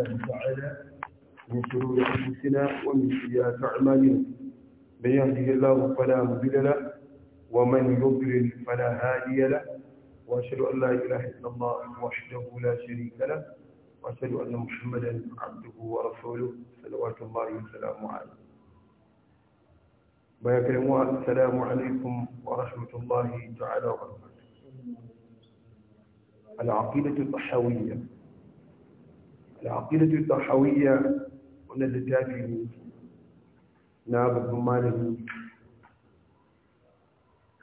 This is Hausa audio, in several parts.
الله تعالى من شرور أنفسنا ومن سيئات أعمالنا من يهده الله فلا مضل له ومن يضلل فلا هادي له وأشهد أن لا إله إلا الله وحده لا شريك له وأشهد أن محمدا عبده ورسوله صلوات الله وسلامه عليه ويكرمها السلام عليكم ورحمة الله تعالى وبركاته العقيدة الصحوية العقيدة الطحوية قلنا للجافي نائب الضمانه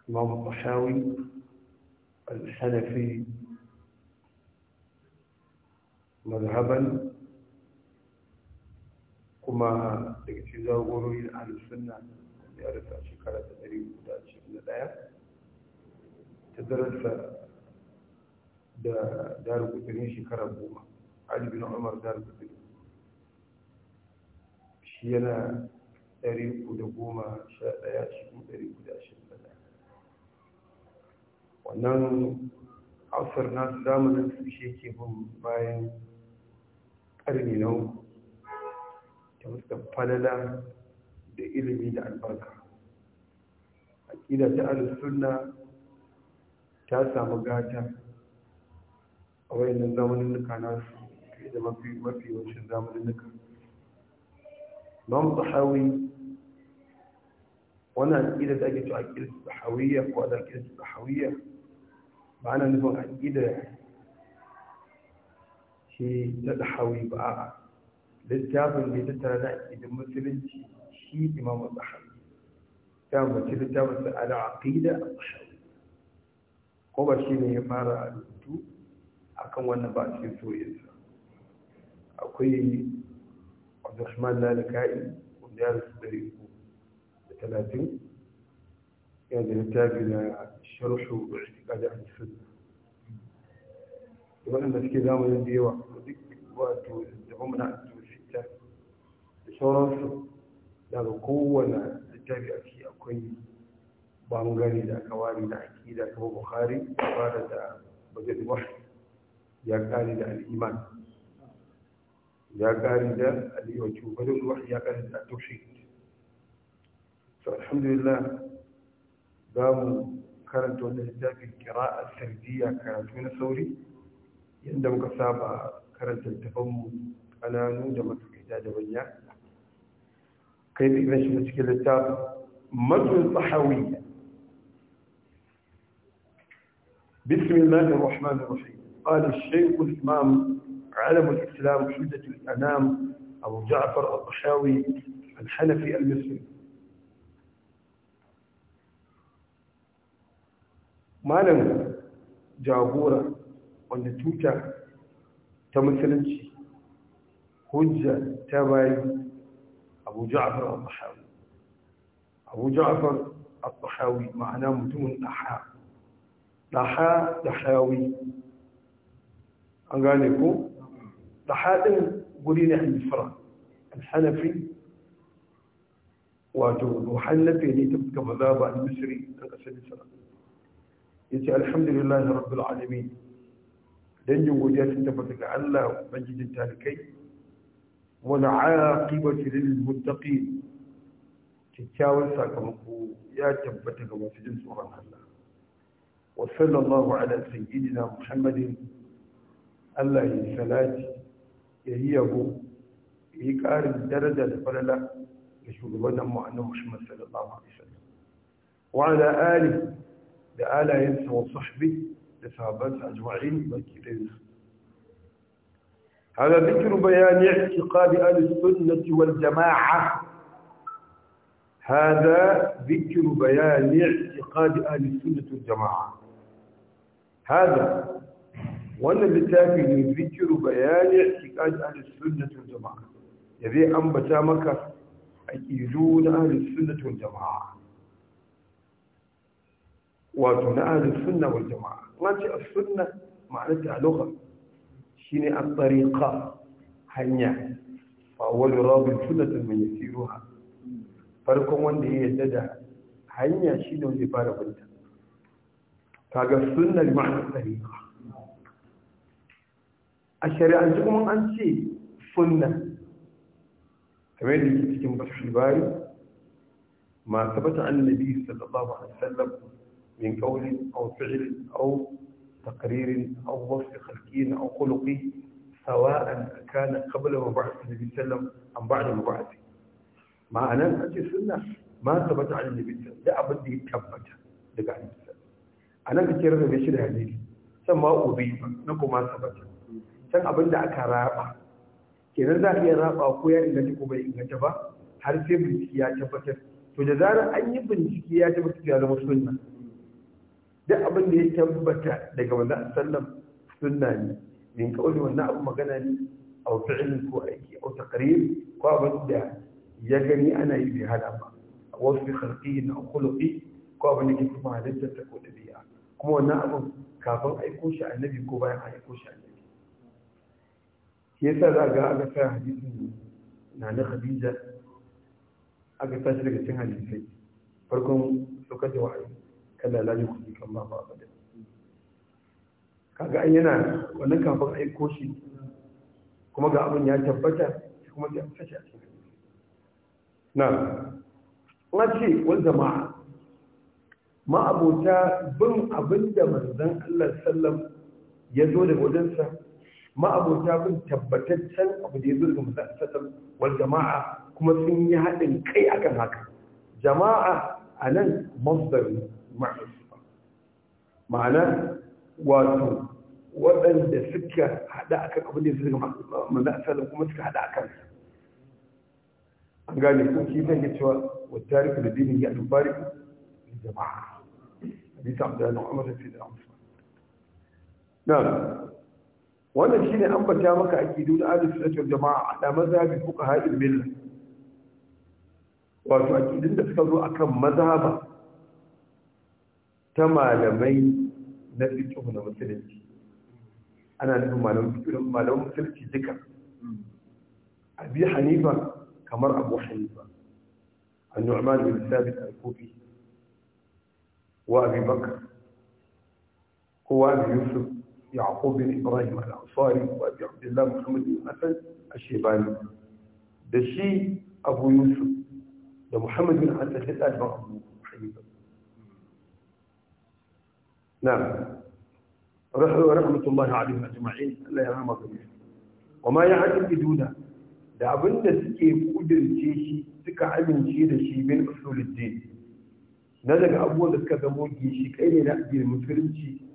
الإمام الطحاوي الحنفي مذهبا كما اجتزاء غروي عن السنة اللي أردت أشكالة تدريب وتدريب وتدريب وتدريب تدرس دار قتلين شكرا بوما Ali bin Umar da Al-Qudri shi yana 311 cikin 321 wannan asar na zamanin su shi ke bin bayan ƙarni na uku ta wasu falala da ilimi da albarka aƙida ta alisunna ta samu gata a wayannan zamanin nuka nasu كده ما في ما في وش الزامل انك نوم صحوي وانا اذا تاجي تؤكل الصحوية وانا اكل الصحوية معنا نظام اكيد شيء تدحوي بقى للتابع اللي تترى لا اذا مثلا شيء امام الصحوي كان مثل التابع على عقيدة الصحوية هو شيء يمارى الوضوء akan wannan ba cikin soyayya akwai abdurrahman lalaka'i wanda ya rasu da uku da talatin yana da littafi na sharhu da shiga da hadisun da waɗanda suke zamanin da yawa duk wato da mamana fita da sauransu daga kowane littafi a ciki akwai bangare da aka ware da aƙida kamar bukhari ba da da bajet ya kare da al'iman يا قاردا اللي وجوه بدل الوحي يا قاردا التوحيد فالحمد لله دام كانت ولدتها في القراءة السردية كانت من الثوري عندما كسابة كانت التفهم أنا نودة مسكتها دبنيا كيف إذا مشكلة كلتها مجل الصحوية بسم الله الرحمن الرحيم قال الشيخ الإمام عالم الإسلام حجة الأنام أبو جعفر القشاوي الحنفي المصري مالن جابورا وان توتا تمثلنشي حجة تابعي أبو جعفر القشاوي أبو جعفر الطحاوي معنا متوم الأحاء الأحاء الطحاوي أنغانيكو ضحاء قولين عن الفرع الحنفي واجو وحنفي اللي تبقى مذابة المصري الأسد السلام يتي الحمد لله رب العالمين لن وجات تبتك على مجد التالكي والعاقبة للمتقين تتاول ساكمكو يا تبتك وسجن سورة الله وصلى الله على سيدنا محمد الله يسلاتي ya yi yabo yi ƙarin daraja da falala da shugabannin mu annabi Muhammad sallallahu alaihi wasallam wa ala ali da alayensa wa sahbi da sahabbansa ajma'in baki ɗayan su هذا ذكر بيان اعتقاد أهل السنة والجماعة هذا ذكر بيان اعتقاد أهل السنة والجماعة هذا wannan littafi ne zikiru bayani i'tiqad al-sunnah wal jama'a ya zai ambata maka aqidu na al-sunnah wal jama'a wato na al-sunnah wal jama'a wace as-sunnah ma'anarta ta lugha shine at-tariqa hanya fa wal rabbil sunnah man yasiruha farkon wanda ya yadda da hanya shine wanda ya fara binta kaga sunnah ma'ana tariqa الشريعه تجيكم ان سي سنه كمان في كتاب بشر الباري ما ثبت عن النبي صلى الله عليه وسلم من قول او فعل او تقرير او وصف خلقي او خلقي سواء كان قبل مبعث النبي صلى الله عليه وسلم ام بعد مبعثه ما انا في سنه ما ثبت عن النبي صلى الله عليه وسلم لا بد يثبت لقاعد انا كثير من الشيء هذه سماه ابي نكو ما ثبت san abin da aka raba kenan za a iya raba ko ya inganta ko bai inganta ba har sai bincike ya tabbatar to da zarar an yi bincike ya tabbatar ya zama sunna duk abin da ya tabbata daga a sallam sunna ne min kauli wannan abu magana ne a wata fi'l ko aiki au taqrir ko abin da ya gani ana yi bai hada ba wasu bi harfi na kulobi ko abin da ke kuma halittar ta ko biya kuma wannan abin kafin aiko shi annabi ko bayan aiko shi annabi shi yasa za ga aka sa hadisin na na khadija aka tashi daga cin hadisai farkon saukar da wa'ayi kada la yukhzi kan ma ba abada kaga an yana wannan kafin aiko shi kuma ga abin ya tabbata kuma ya tashi a cikin na ce wani jama'a ma'abota bin abinda manzan Allah sallam ya zo da wajensa ما أبغى أقول تبت السن أبغى يزور المدرسة والجماعة كم تنيا هذا كي أكن هك جماعة أنا مصدر معروف معنا واتو وأن السكة هذا أكن أبغى يزور المدرسة وكم تك هذا أكن أنا قال يكون كيف نجتوا والتاريخ الدين يعني بارك الجماعة بيتعبد عمر في الأمس نعم wannan shine an banta maka akidu da ahlus sunnah wal jamaa da mazhabi fuqaha al milla wato akidun da suka zo akan mazhaba ta malamai na fiqh na musulunci ana nufin malamin fiqh malamai musulunci duka abi hanifa kamar abu hanifa annu'man bin thabit al-kufi wa abi bakr ko wa yusuf يعقوب بن إبراهيم الأنصاري وأبي عبد الله محمد بن حسن الشيباني دشي أبو يوسف ده محمد بن حسن الآن أبو حنيفة نعم رحمة الله عليهم أجمعين الله يرحمه جميعا وما يعلم بدونه da abin da suke kudirce shi suka amince da shi bin usuluddin na daga abubuwan da suka zamo gishi kai ne na addinin musulunci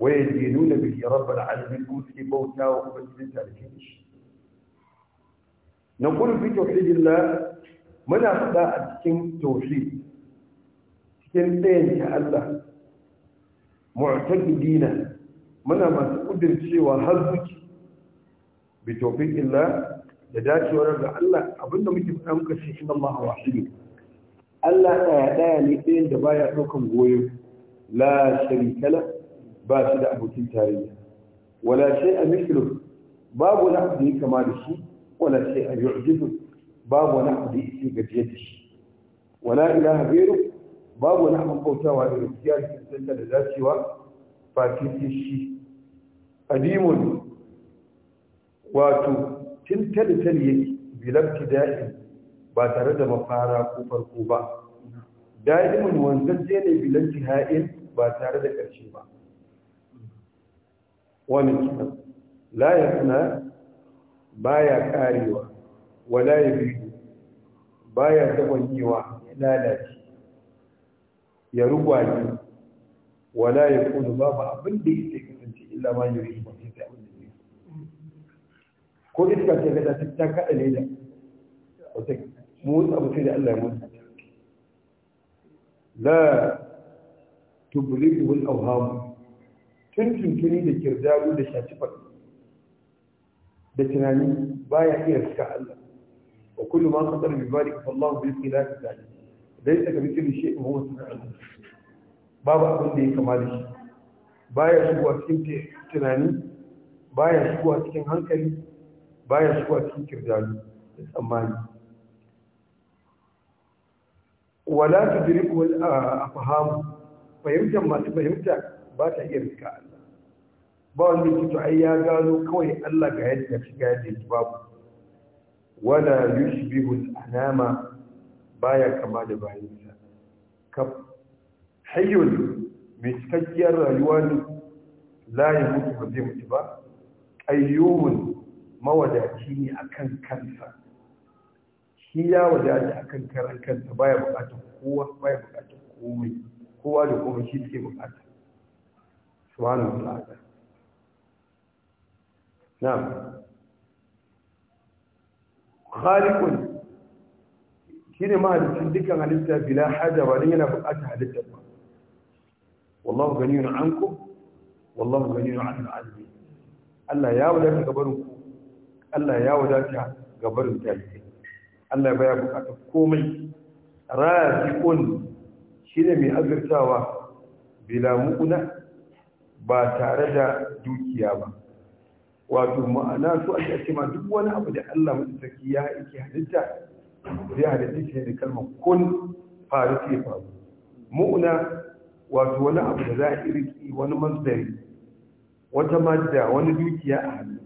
ويدينون به رب العالمين كما في بوتا وبسلسة لكيش نقول في توحيد الله من أخذ تكن توحيد تكن تين الله معتقدين من نعم، ما تقدر سوى هزك بتوفيق الله لذلك ورد الله أبنى متى أمك شيء إن الله واحد الله تعالى إن دبايا لكم قوي لا شريك له ba shi da abokin tarayya wala shay a mislu babu wani abu da ya kama da shi wala shay a yu'jibu babu wani abu da yake gajiyar da shi wala ilaha ghayru babu wani abu bautawa da gaskiya da tantance da dacewa fatiti shi adimun wato tun talitali yake bilabti da'in ba tare da mafara ko farko ba da'imun wanzan jene bilanti ha'in ba tare da ƙarshe ba wani kitan la ba baya karewa wala ya baya ba ya lalace ya ne wala ba ba abin da yake kasance illa ma yuri ba sai abin da yake ko iska ce ga ta ta kada ne da wata motsa abu sai da Allah ya motsa la tublihu al-awham tun tuntuni da kirdaru da shafifar da tunani baya iya riska Allah wa kullu ma qadara bi balik fa Allah bi khilafi zalik dai aka miki shi in huwa Allah babu abin da ya kamala shi baya shigowa cikin tunani baya shigowa cikin hankali baya shigowa cikin kirdaru da tsammani wala tudriku al afham fahimtar masu fahimta ba ta iya riska Allah ba wani ya to ai ya gano kawai Allah ga yadda shi ga yadda shi babu wala yushbihu al-anama baya kama da bayansa kaf hayyul miskakkiyar rayuwa ne la ya mutu ba zai mutu ba ayyumun mawadaci ne akan kansa shi ya wadata akan karan kansa baya bukatar kowa baya bukatar komai kowa da komai shi ke bukata subhanahu wa ta'ala na'am khaliqun shine mahalicin dukkan halitta bila haja ba yana buƙatar halitta ba wallahu ganiyun ankum wallahu ganiyun anil alamin Allah ya wadata gabarin Allah ya wadata gabarin talibai Allah baya buƙatar komai shine mai azurtawa bila mu'una ba tare da dukiya ba wato ma'ana su ake ce ma duk wani abu da Allah matsaki ya yake halitta zai halitta shi da kalmar kun faru sai faru mu'una wato wani abu da za a irki wani masdari wata madda wani dukiya a hannu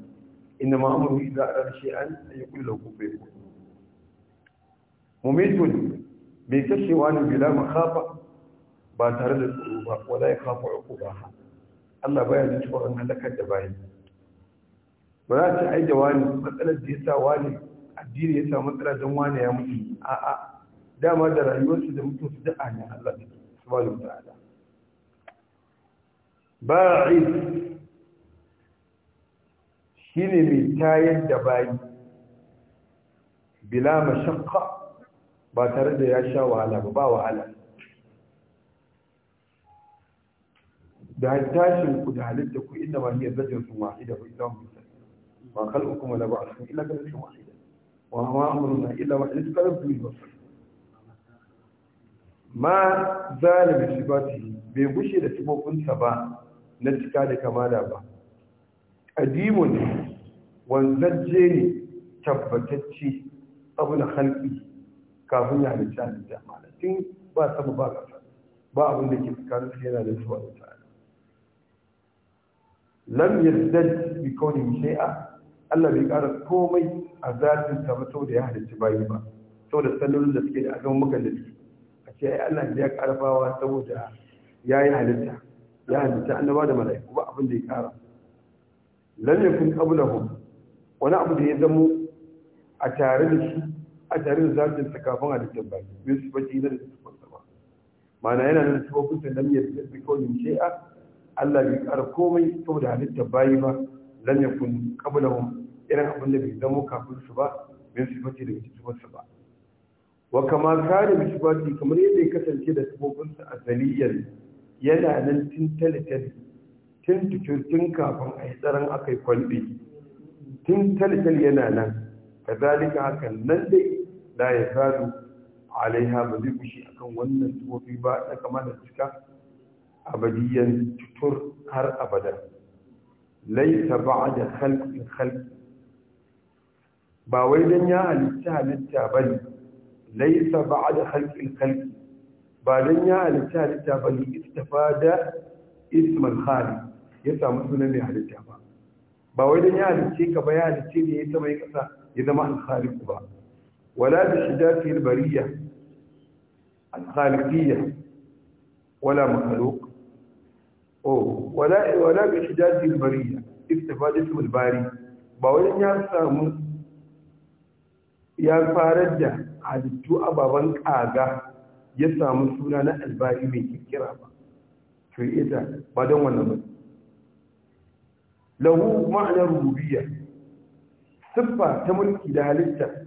inda ma'amuru idza arada shay'an an yaqul lahu kun mumitun bai kashewa ne bila makafa ba tare da tsoro ba wala ya kafa uku ba Allah baya da tsoron halakar da bayan ba za ta aida wani matsalar da ya sa wani addini ya sa matsala don wani ya mutu a'a dama da rayuwarsu da mutu su da'a ne Allah ba wa ta'ala shi ne mai tayar da bayi bila mashakka ba tare da ya sha wahala ba ba wahala da tashin ku da halitta ku inda ma hiya zajratun wahida wa ku. ما خلقكم ولا بعثكم إلا كنفس واحدة وما أمرنا إلا واحدة كلام في البصر ما زال بصفاته bai gushe da sifofinsa ba na cika da kamala ba ƙadimun wanzajje ne tabbatacce abu na halki kafin ya halitta halitta malatin ba sama ba ƙasa ba abin da ke tsakanin su yana da zuwa da ta'ala lam yazdad bi kauni shay'a Allah bai ƙara komai a zatin sa ba saboda ya halicci bayi ba saboda sallolin da suke da azamukan da suke a ce ai Allah ya ƙara bawa saboda ya yi halitta ya halitta annaba da mala'iku ba abin da ya ƙara lam yakun qablahum wani abu da ya zamo a tare da shi a tare da zatin sa kafin halittar bayi bai su bace da su ba ma'ana yana nan sabobin sa su yakun bi kawai a Allah bai ƙara komai saboda halitta bayi ba lan yakun qablahum irin abin da bai zamo kafin su ba min sifati daga cikin su ba wa kama kare bi sifati kamar yadda ya kasance da sifofin sa azaliyan yana nan tun talitan tun tukurtun kafin a yi tsaron akai kwalbi tun talitan yana nan kazalika hakan nan dai da ya zalu alaiha ba zai kushi akan wannan sifofi ba na kama da cika abadiyan tutur har abada laisa ba'da khalqin khalqi ba wai don ya halitta halitta ba ne laisa ba da halkin halki. ba don ya halitta halitta ba ne istafa da isman hali ya samu sunan mai halitta ba ba wai don ya halitta ka ba ya halitta ne ya sama ya ƙasa ya zama alkhaliq ba wala da bariya, albariya alkhaliqiyya wala makhluq oh wala wala bi shidati bariya, istafa da ismul bari ba wai don ya samu ya farar da halittu ababen kaga ya samu suna na albari mai kirkira ba creator ba don wannan ba lahu ma'anar rubiya siffa ta mulki da halitta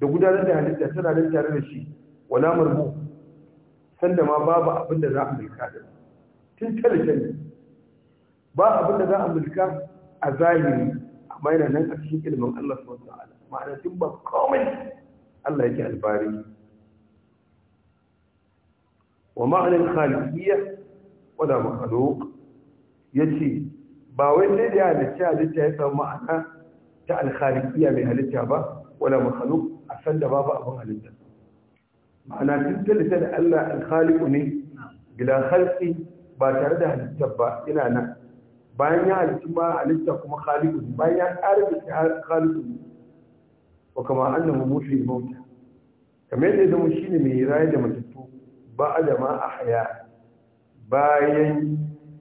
da gudanar da halitta tana nan tare da shi wala marbu sanda ma babu abin da za a mulka da tun talitan ba abin da za a mulka a zahiri amma yana nan a cikin ilimin Allah subhanahu wa ma'ana duk ba komai Allah yake albari. wa ma'anin khaliqiyya wala makhluq yace ba wai ne da halitta halitta ya samu ma'ana ta alkhaliqiyya mai halitta ba wala makhluq a san da babu abin halitta ma'ana duk da da Allah alkhaliqu ne bila khalqi ba tare da halitta ba ina nan bayan ya halitta ba halitta kuma khaliqu bayan ya ƙara ta khaliqu وكما أنه موشي الموتى كما يدى موشيني من راية مجدو بعد ما أحيا باين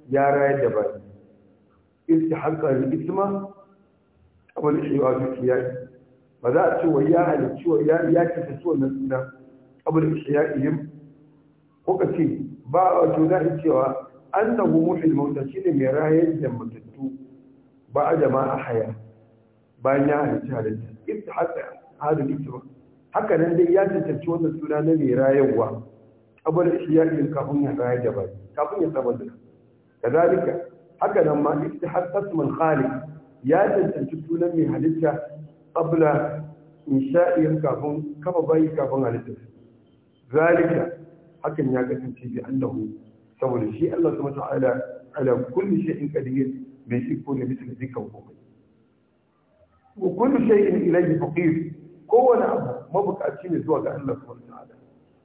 يا راية باين إذ حقا الإثمة أو الإحيواء في الكيان فذا أتوا يا أهل أتوا يا ياتي فسوى نسونا أو الإحيائهم وكتي باع أتوا ذا إتوا أنه موشي الموتى شيني من راية مجدو بعد ما أحيا باين يا أهل haka hada ikima haka nan dai ya cancanci wannan suna na mai rayuwa abin shi ya yi kafin ya raya da baki kafin ya saba da kazalika haka nan ma ittihad tasman khaliq ya cancanci sunan mai halitta qabla insha'i kafin kafa bayi kafin halitta zalika hakan ya kasance bi annahu saboda shi Allah subhanahu wa ta'ala ala kulli shay'in qadir bai iko ne bisa dukkan komai وكل شيء إليه فقير هو نعم ما بك أتشين الزواج لأن الله وتعالى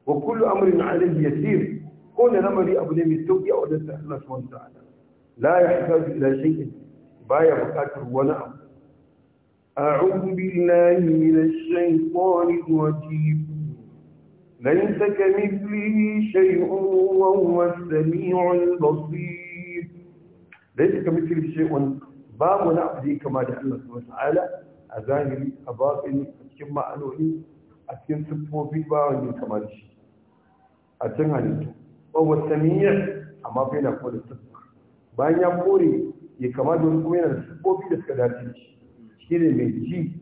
وكل أمر عليه يسير قوة لأمر أبو نمي التوبية أو لسه أن سبحانه وتعالى لا يحتاج إلى شيء بايا بكاتر ونعم أعوذ بالله من الشيطان الرجيم ليس كمثله شيء وهو السميع البصير ليس كمثله شيء باب نعبده كما دعنا سبحانه وتعالى a zahiri a batsini a cikin ma'anoni a cikin siffofi ba wani kamar shi a cikin halittu ɓawar samiyyar amma fa yana kone siffa bayan ya kore ya kama da wani kuma yana da siffofi da suka dace shi shi ne mai ji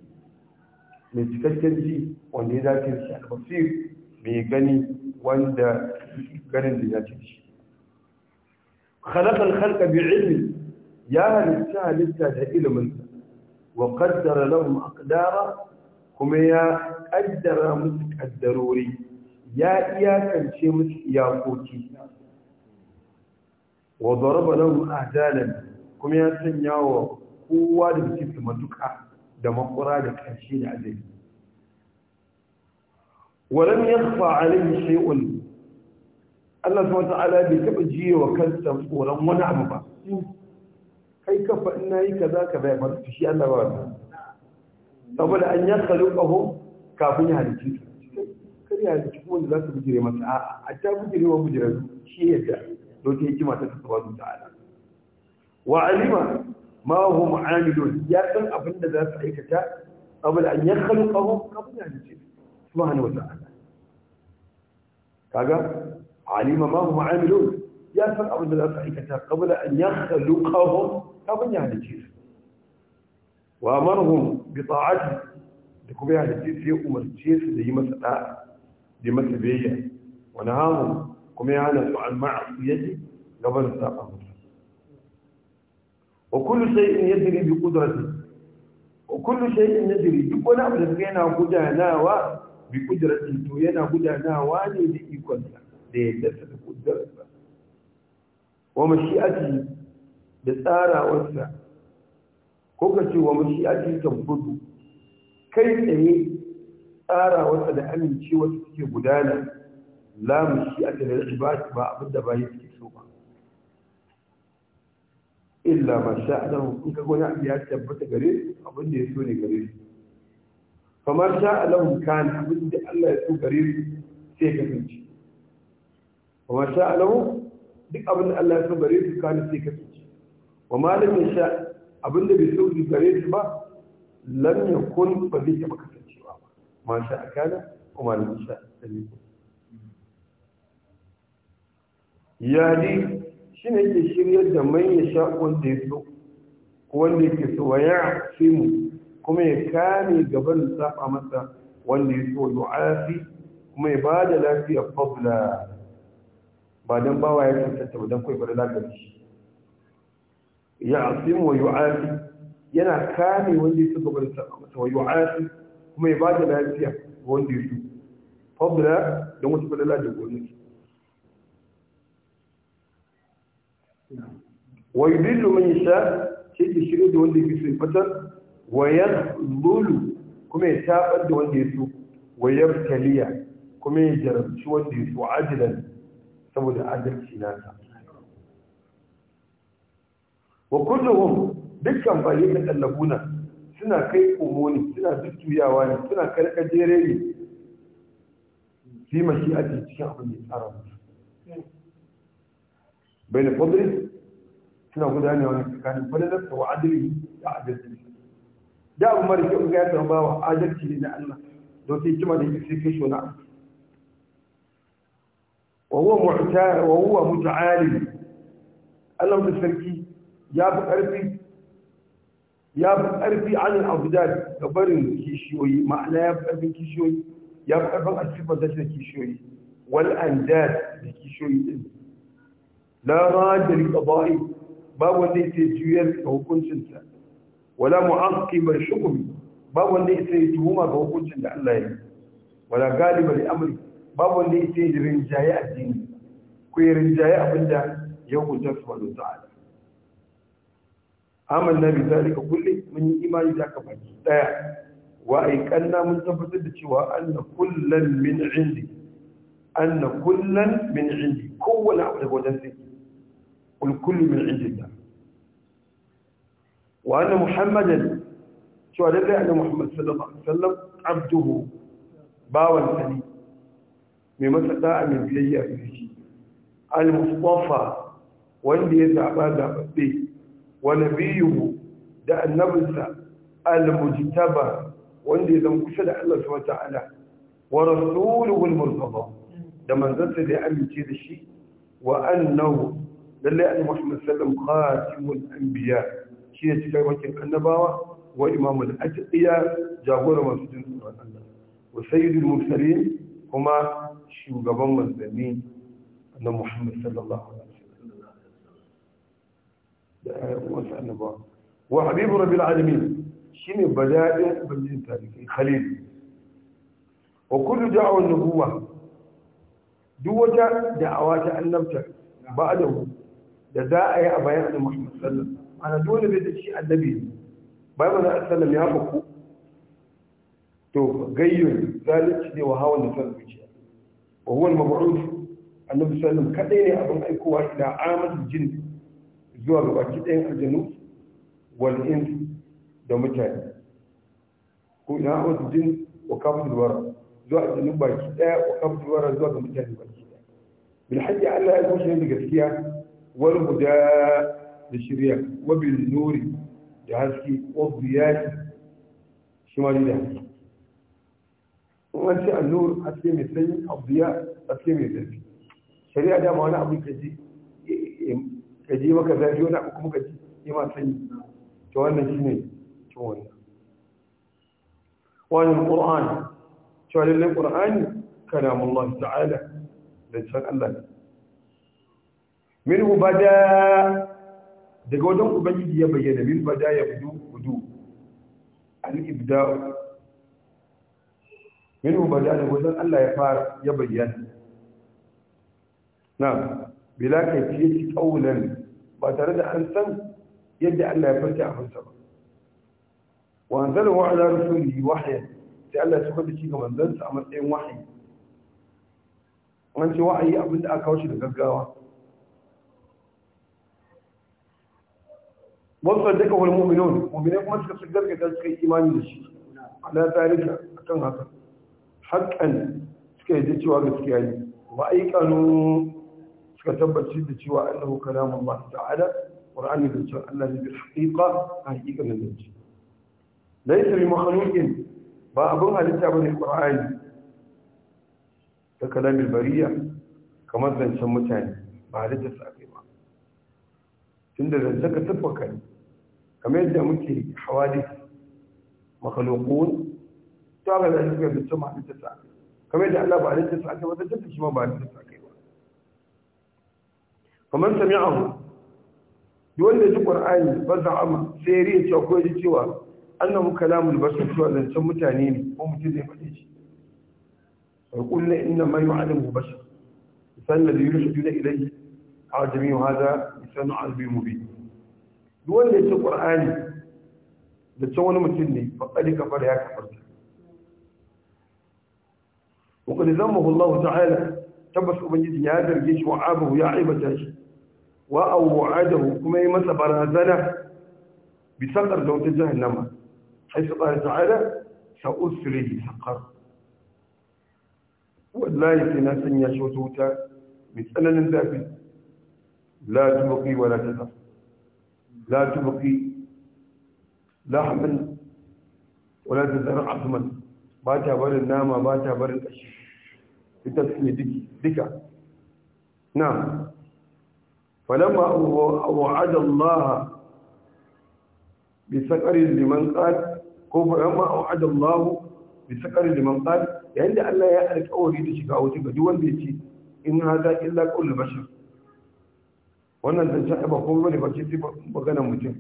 mai cikakken ji wanda ya dace shi a albasir mai gani wanda ganin da ya ce shi خلق الخلق بعلم ya halitta halitta da ilimin wa qaddara lahum aqdara kuma ya ƙaddara musu ƙaddarori, ya iyakance musu iyakoki wa daraba lahum ajalan kuma ya sanya wa kowa da cikin matuka da makura da ƙarshe da ajabi ولم يخفى عليه شيء Allah subhanahu wa ta'ala bai taba jiye wa kansa tsoron wani abu ba kai kafa in nayi kaza kaza ba faru shi Allah ba wannan saboda an ya kalukahu kafin ya halice su kar ya halice kuma wanda za su bujire masa a a ta bujire wa bujire su shi yadda don ta hikima ta da ta'ala wa alima ma hu mu'amilun ya san abin da za su aikata قبل أن يخلقهم قبل أن يجيب سبحانه وتعالى كاغا علم ما هم عاملون يا سن أبو الدلاء قبل أن يخلقهم abin ya halice su wa marhum bi ta'ati da kuma ya halice su ya umarce su da yi masa da'a da masa biyayya wa nahamu kuma ya hana su an ma'asiyati gaban safa masa wa kullu shay'in yadri bi qudratihi wa kullu shay'in yadri duk wani abu da yana gudanawa bi kudurati to yana gudanawa ne da ikonsa da yadda ta kudrarsa wa mashi'ati da tsarawarsa ko ka ce wa mashi a cikin gudu kai tsaye tsarawarsa da amincewa suke gudana lamu shi a tare da ba ba abin da bayi suke so ba illa ma sha Allah in ka gona abu ya tabbata gare abin da ya so ne gare su kamar sha Allah kan abin da Allah ya so gare su sai kasance kamar sha Allah duk abin da Allah ya so gare su kan sai kasance wa malam ya sha abinda bai so ki gare shi ba lam yakun ba zai taɓa kasancewa ba ma sha akala wa malam ya sha dalilin yadi shi ne ke shiryar da man ya sha wanda ya so ko wanda ke so wa ya fi mu kuma ya kame gaban saba masa wanda ya so yu'afi kuma ya ba da lafiya fadla ba don bawa ya kanta ta wajen kwaibar lafiyar shi ya asimu wa yu'afi yana kame wanda ya gaba sa masa wa yu'afi kuma ya bada lafiya wanda ya fadla da wasu fadala da gwamnati wa yudillu man yasha shi ke shirin da wanda ya su fata wa yadhlulu kuma ya tabar da wanda ya wa yabtaliya kuma ya jarabci wanda ya su ajilan saboda adalci nasa wa kulluhum dukkan bayyana tallabuna suna kai komo ne suna jujjuyawa ne suna karka jere ne fi shi a cikin abin da tsara musu bai da fadris suna gudanar wani tsakanin fadalar da wa'adiri da adalci da abu mara kyau ga ya ba wa adalci ne na allah da wata hikima da yake sai kai shi Wa وهو متعالي الله من Sarki. ya fi ƙarfi ya fi ƙarfi an al'abdad da barin kishiyoyi ma'ana ya fi ƙarfin kishiyoyi ya fi ƙarfin asifar da shi kishiyoyi wal'andad da kishiyoyi ɗin lara da riƙaba'i ba wanda ya ce juyar ga hukuncinsa wala mu'aqqibar shukumi ba wanda ya ce tuhuma ga hukuncin da Allah ya yi wala galibar amri ba wanda ya ce rinjaye addini ko rinjaye abinda ya hukunta subhanahu wa ta'ala amanna bi zalika kulli mun yi imani da ka baki daya wa kanna mun tabbatar da cewa anna kullan min indi anna kullan min indi kowa na daga wajen sai kul kullu min indi da wa anna muhammadan cewa da anna muhammad sallallahu alaihi wasallam abduhu bawan sani mai masa a mai biyayya a shi al-mustafa wanda ya zaba zaba sai ونبيه ده النبس المجتبى وانده لم مكسد الله سبحانه وتعالى ورسوله المرتضى ده من ذات اللي عمل تيد الشيء وأنه للي أن محمد سلم خاتم الأنبياء شيء تكاية وكين وإمام الأجئية جاهور مرسدين سبحانه وسيد المرسلين هما شيء مقبام الزمين أن محمد صلى الله عليه وسلم وحبيب رب العالمين شنو بدايه بلين تاريخ خليل وكل دعوه النبوه دوجا دعوات النبته بعده جزاء يا بيان محمد صلى الله عليه وسلم انا دون بدشي النبي بيان صلى الله عليه وسلم تو غيون ذلك دي وهاو نفر وهو المبعوث النبي صلى الله عليه وسلم كدي ابو ايكو واحد عام الجن zuwa ga baki ɗayan aljanu wal'in da mutane ko ina wasu jin wa kafin zuwa aljanu baki ɗaya wa kafin duwara zuwa ga mutane baki ɗaya bin haƙƙi Allah ya kushe da gaskiya wani guda da shirya wabin nuri da haske wa biyati shi ma da haske an ce annur haske mai sanyi abu ya haske mai zafi shari'a dama wani abu ka ji eh, eh, ka ji maka zafi wani abu kuma ka ji yi sanyi to wannan shi ne cin wannan wani ƙur'an cewa lallai ƙur'ani kalamun Allah ta'ala da can Allah ne min ubada daga wajen ubangiji ya bayyana min bada ya budu budu al-ibda'u min ubada daga wajen Allah ya fara ya bayyana na bila kai fiye kaulan ba tare da an san yadda Allah ya farce a fansa ba wa anzalahu ala rasulihi wahyan sai Allah ya saukar da shi ga manzansa a matsayin wahayi wance wa'ayi abin da aka kawo da gaggawa wasu da duka wani mu'minun mu'minai kuma suka su gargata suka yi imani da shi ala tarika akan haka haƙƙan suka yi cewa gaskiya ne ba a yi ƙanu فتبت سيدة سوى أنه كلام الله تعالى قرآن الذي بالحقيقة حقيقة نجد ليس بمخلوق بابها لتعب القرآن ككلام البرية كما ذا نسمتان ما لدى سأقيمة عند ذا تبقى كما يجد أمكي حوالي مخلوقون تعب ذلك بالسمع لدى سأقيمة كما يجد أعلى بعد التسعة وذلك ما بعد التسعة faman sami'ahu duk wanda ji qur'ani ba za'ama sai ya riya cewa ko ya ji cewa annahu kalamul bashar cewa zancen mutane ne ko mutum zai faɗe shi wa qulna inna ma yu'allimu bashar san da yurshidu ilayhi ajami wa hada sanu albi mubin duk wanda ya ce qur'ani da can wani mutum ne faɗi kafar ya kafarta وقد ذمه الله تعالى تبس أبنجد يا درجيش وعابه يا عيبة تاشي وأوعده كما يمس برهزنة بسقر دوت جهنم حيث قال تعالى سأسره سقر والله ناس يشوتوتا مثلا ذاتي لا تبقي ولا تذر لا تبقي لا حمل ولا تذر عظما باتا بر النام باتا بر الأشي في تسليتك نعم فلما وعد الله بسقر لمن قال ko falamma wa'ada Allah bi sakari liman qal yayin da Allah ya alƙawari da shiga wuce ga duk wanda yace in hada illa wannan dan sai ba ko bane bace ba maganar mutum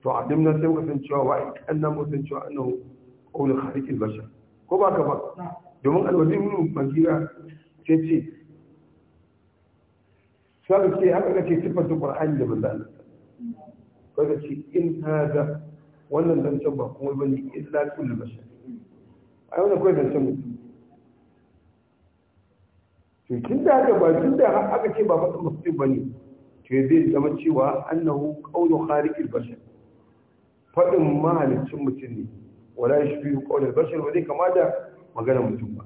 to a dimna sai muka san cewa wai annan mu san cewa annahu qawl khaliq bashar ko ba ka ba domin alwadi mun bagira sai ce shalu ce haka kace sifatu qur'ani da manzo Allah da ce in hada wannan zancen ba kuma bane illa kullu bashar ai wannan kai zancen mutum to kin da haka ba tun da haka ce ba faɗin mutum bane to zai zama cewa annahu qawlu khaliqil bashar faɗin mahalicin mutum ne wala shi qawlul bashar ba zai kama da magana mutum ba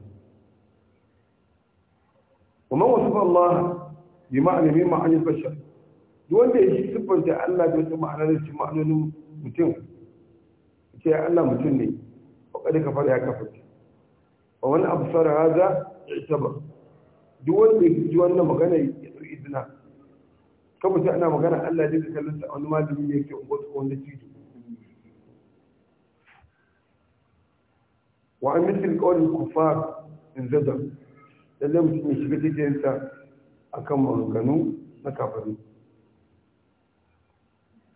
kuma wasu Allah. bi ma'ana min ma'anil bashar duk wanda ya shi siffanta Allah da wata ma'ana da shi ma'anonin mutum ce Allah mutum ne wa kada ka fara ya kafarta wa wani absar hada i'tabar duk wanda ya ji wannan magana ya tsoro izina kan mutum ana magana Allah da ka kallon sa wani malami ne yake ungwata wanda cikin وعن مثل قول الكفار انزجر لم يشبه جنسا akan maganganu na kafari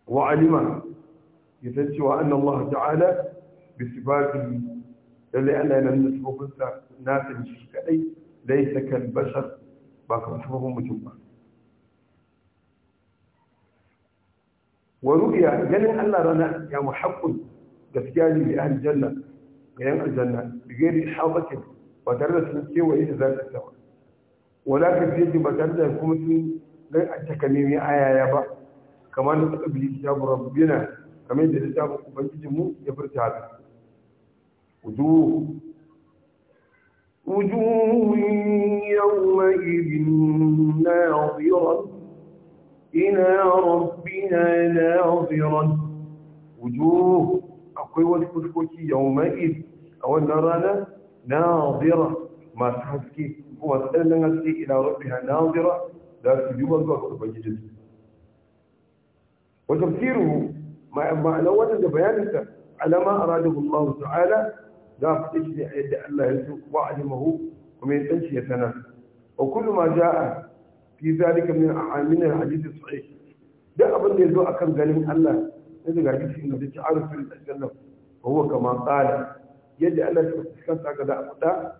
wa alima ya san cewa anna Allah ta'ala bi sifati lalle Allah yana nuna sifofin sa na san shi kadai laysa kal bashar ba kamar sifofin mutum ba wa ru'ya ganin Allah rana ya muhaqqun gaskiya ne li ahli janna ga yan aljanna bi ghairi hawakin ba tare da sun kewaye da zaka ba ولكن يجب أن يكون تكميم آية يبا كما نطق بالكتاب ربنا كما يجب أن يكون تجمو يفرت هذا وجوه وجوه يومئذ ناظرة إلى ربها ناظرة وجوه أقوى والكتكوتي يومئذ أو النرانة ناظرة ما تحسكي وسألنا مع معنى وجد على ما أراده الله تعالى ذاك إجل عند الله يسوق وعلمه ومن تنشيتنا وكل ما جاء في ذلك من من الحديث الصحيح ده أبن يزوء أكم ذلك الله نزل حديث إنه تعالى في الله وهو كما قال يجعل الله سبحانه وتعالى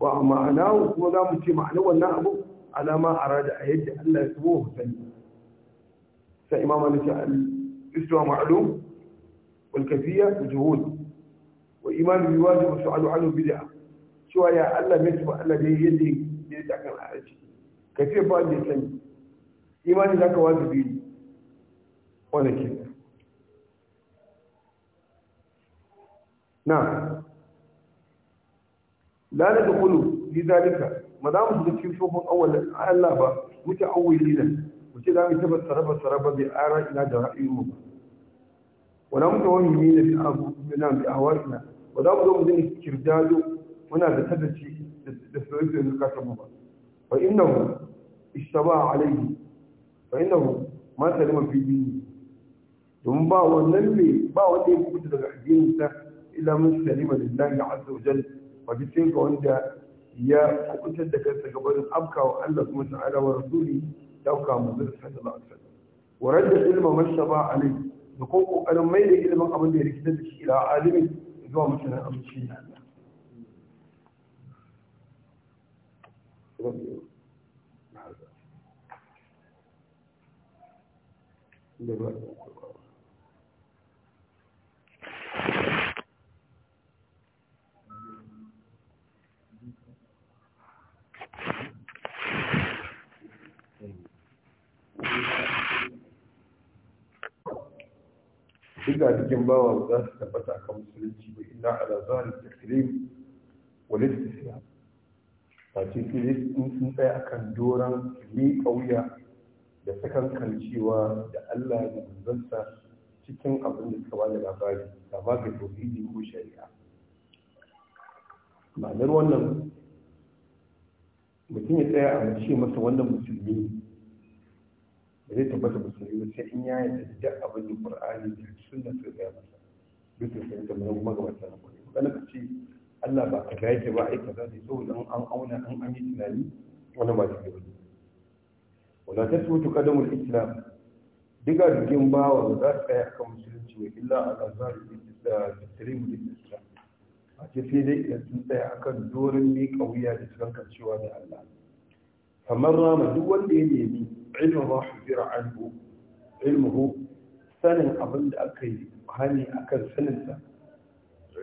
ومعناه ثم قام في معلوه النائب على ما اراد أن الله يسبوه ثاني فامام الرسول استوى معلوم والكفيه وجهود وايمان بواجب وسؤال عنه بدعه شو يا الله مثل الذي يدي يدعك الحاج كثير بعد يسمي ايمان ذاك واجبين ولكن نعم لا ندخل لذلك ما دام ذكر شوف اول الله با متى اول لنا متى دام يثبت سرب سرب بارا الى دعائهم ولا متوهم من في ابو بنا في اهوالنا ولا بدهم من كرداد هنا بتدشي دسويت الكتاب مبا فانه اشتبع عليه فانه ما سلم في ديني ثم با ونبي با دين كنت دغ دينك الى مسلم لله عز وجل wato sai ga wanda ya kubutar da kansa gabanin afkawa Allah kuma ta'ala wa rasuli dauka manzon sallallahu alaihi wasallam wa radda ilma mashaba alai da ko kokarin mai da ilimin abin da ya rikitar da shi ila alimin zuwa mutanen aminci ne Allah shiga da cikin bawa za su tabbata kan musulunci ba inna ala zahir takrim wal istislam ba ce sai sun tsaya akan doran ni kauya da sakan kancewa da Allah da manzansa cikin abin da suka ba da labari da ba ga tauhidi ko shari'a ma'anar wannan mutum ya tsaya a mace masa wannan musulmi da zai tabbata musulmi ba sai in ya yarda da duk abin da qur'ani da sunna suka gaya masa duk da sai da mun magabata na kwarai kuma ka ce Allah ba ka ga yake ba ai kaza ne saboda an auna an an yi tunani wannan ba shi ba wala tasbutu qadamul islam diga dugin bawa za su tsaya akan musulunci wa illa ala zalimi da tsirimu da islam a ce sai dai idan sun tsaya akan dorin ne kauya da sukan cewa da Allah kamar rama duk wanda ya nemi ilmin ma hujjira ilmu ilmuhu sanin abin da aka yi hani akan saninsa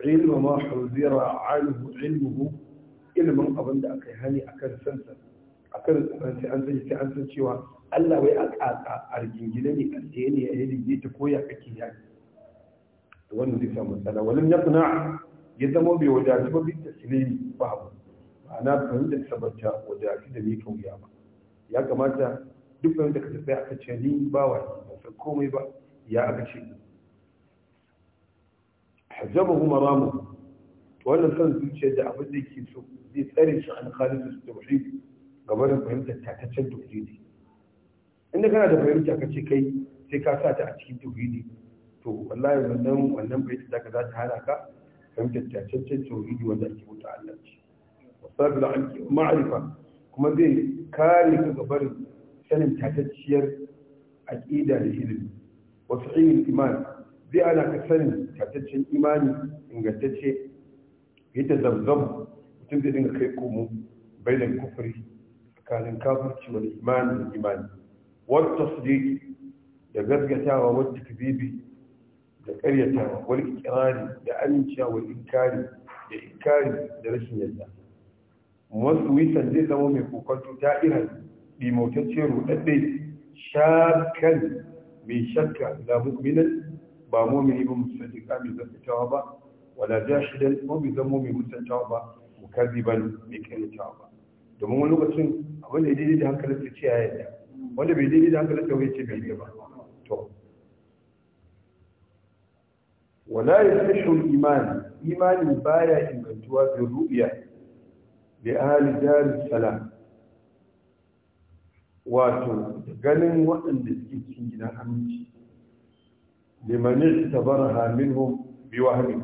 ilmin ma hujjira ilmu ilmuhu ilmin abin da aka yi hani akan a akan sai an zai sai an san cewa Allah wai aka a rigingine ne a tsaye ne a yi rigye ta koya kake yaki wannan zai samu matsala wani ya kuna ya zama bai wadatu ba bin tasilimi babu ma'ana fahimtar sabata wadatu da mai kauya ba ya kamata duk wanda ka tsaya aka ce ni ba wa ba san komai ba ya aka ce hajjabahu maramu wannan san zuciya da abin da yake so zai tsare shi an khalisu tauhid gaba da fahimtar tataccen tauhidi inda kana da fahimta ka ce kai sai ka sa ta a cikin tauhidi to wallahi wannan wannan fahimta da ka za ta hana ka fahimtar tataccen tauhidi wanda ake mutu Allah ce wasabi da alki ma'arifa kuma zai kare ka gabarin sanin tatacciyar aƙida da ilimi wasu ilimin imani zai ana ka sanin tataccen imani ingantacce yadda ta zamzam mutum zai dinga kai komo bainan kufuri tsakanin kafirci wani imani da imani wata tasdiki da gaskatawa wata kabibi da karyatawa wani ikirari da amincewa wani inkari da inkari da rashin yadda wasu wisan zai zama mai kokonto ta irin ɗimotacce ruɗaɗɗe shakan mai shakka la mu'minan ba mumini ba musaddiqa mai zafitawa ba wala jashidan ko bai zama mai musantawa ba ban mai karyatawa ba domin wani lokacin abin da ya daidai da hankalin sa ce ya yadda wanda bai daidai da hankalin sa wai ce bai ba to wala yashu imani imani baya ingantuwa bin ru'ya bi ahli dar salam wato ganin waɗanda suke cikin gidan aminci limanin hamin hu biyu hami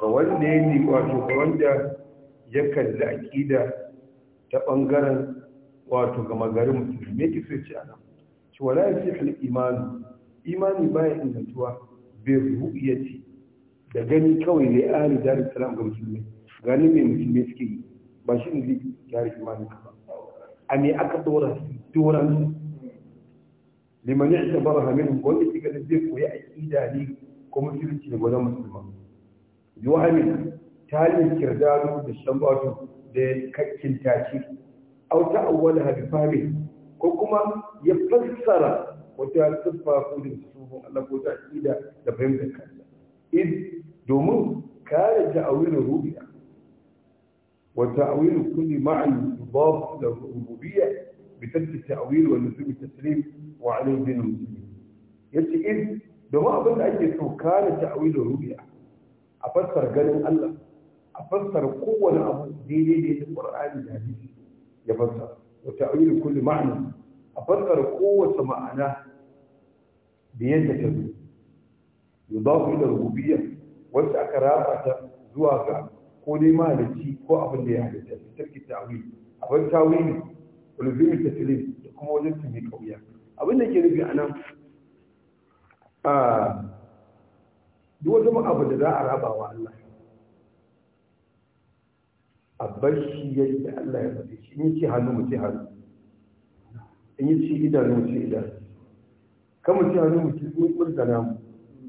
ga wanda ya yi wato ga wanda ya kalli aƙida ta ɓangaren wato ga magarin mutum me ke so ce ana ci wala ya fi imani imani bayan ingantuwa bai ce da gani kawai ne ahli darul salam ga musulmi gani mai musulmi suke yi ba shi ne zai gyara imani ka ba a me aka dora su turan liman ya ta bara hamin wanda shiga da zai koyi aƙida ne ko musulunci da gwada musulma yohanin talin kirdaru da shambatu da kakkin tashi auta awwal habifami ko kuma ya fassara wata siffa ko da sufin Allah ko ta aƙida da fahimtar kansa in domin kare ta'awilin rubiya wa ta'awilin kulli ma'an yudaf da rububiyya بترك التأويل والنزول التسليم وعليه دين المسلمين يبقى إذ دواء بل أجل كان تأويل الرؤية أفسر قلن الله أفسر قوة أبو ديني دين القرآن الهديث يفسر وتأويل كل معنى أفسر قوة معناه بيدة يضاف إلى الربوبية وسأك رابعة زواغة قولي ما لتي قوة بل يهدد ترك التأويل أفسر تأويله ulfin taslim da kuma wajen tumi kauya abin da ke nufi a nan a duk wata abu da za a raba wa Allah a bar shi yadda Allah ya faɗi shi in ce hannu mu ce hannu in yi ce idanu mu ce idanu kan mu ce hannu mu ce mun zana mu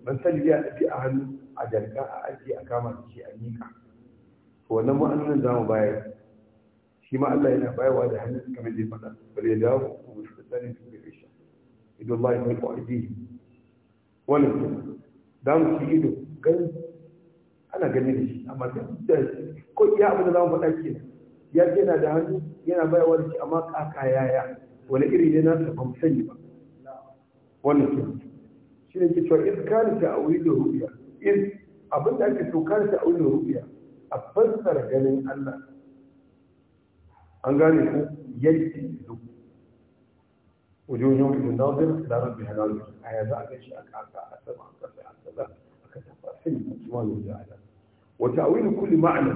ban sani ya ɗafi a hannu a jarka a aji a kama da shi a miƙa to wannan ma'anunan za mu bayar shi ma Allah yana bayarwa da hannu kamar da ya faɗa bal ya dawo ko bi fitani fi aisha idan Allah ya ko aidi wannan da mu ci ido gan ana gani da shi amma da ko iya abin da za mu faɗa ke ya ce yana da hannu yana bayarwa da shi amma kaka yaya wani iri ne na ba mu sani ba wannan ke shi ne ke cewa in kana ta auri da rubiya in abin da ake so kana ta auri da rubiya a fassara ganin Allah أن قال لك يجي لك وجوه الناظر لا رب هذا هذا شيء أكعب أسمع أكعب أسمع أكعب أسمع أكعب أسمع وتأويل كل معنى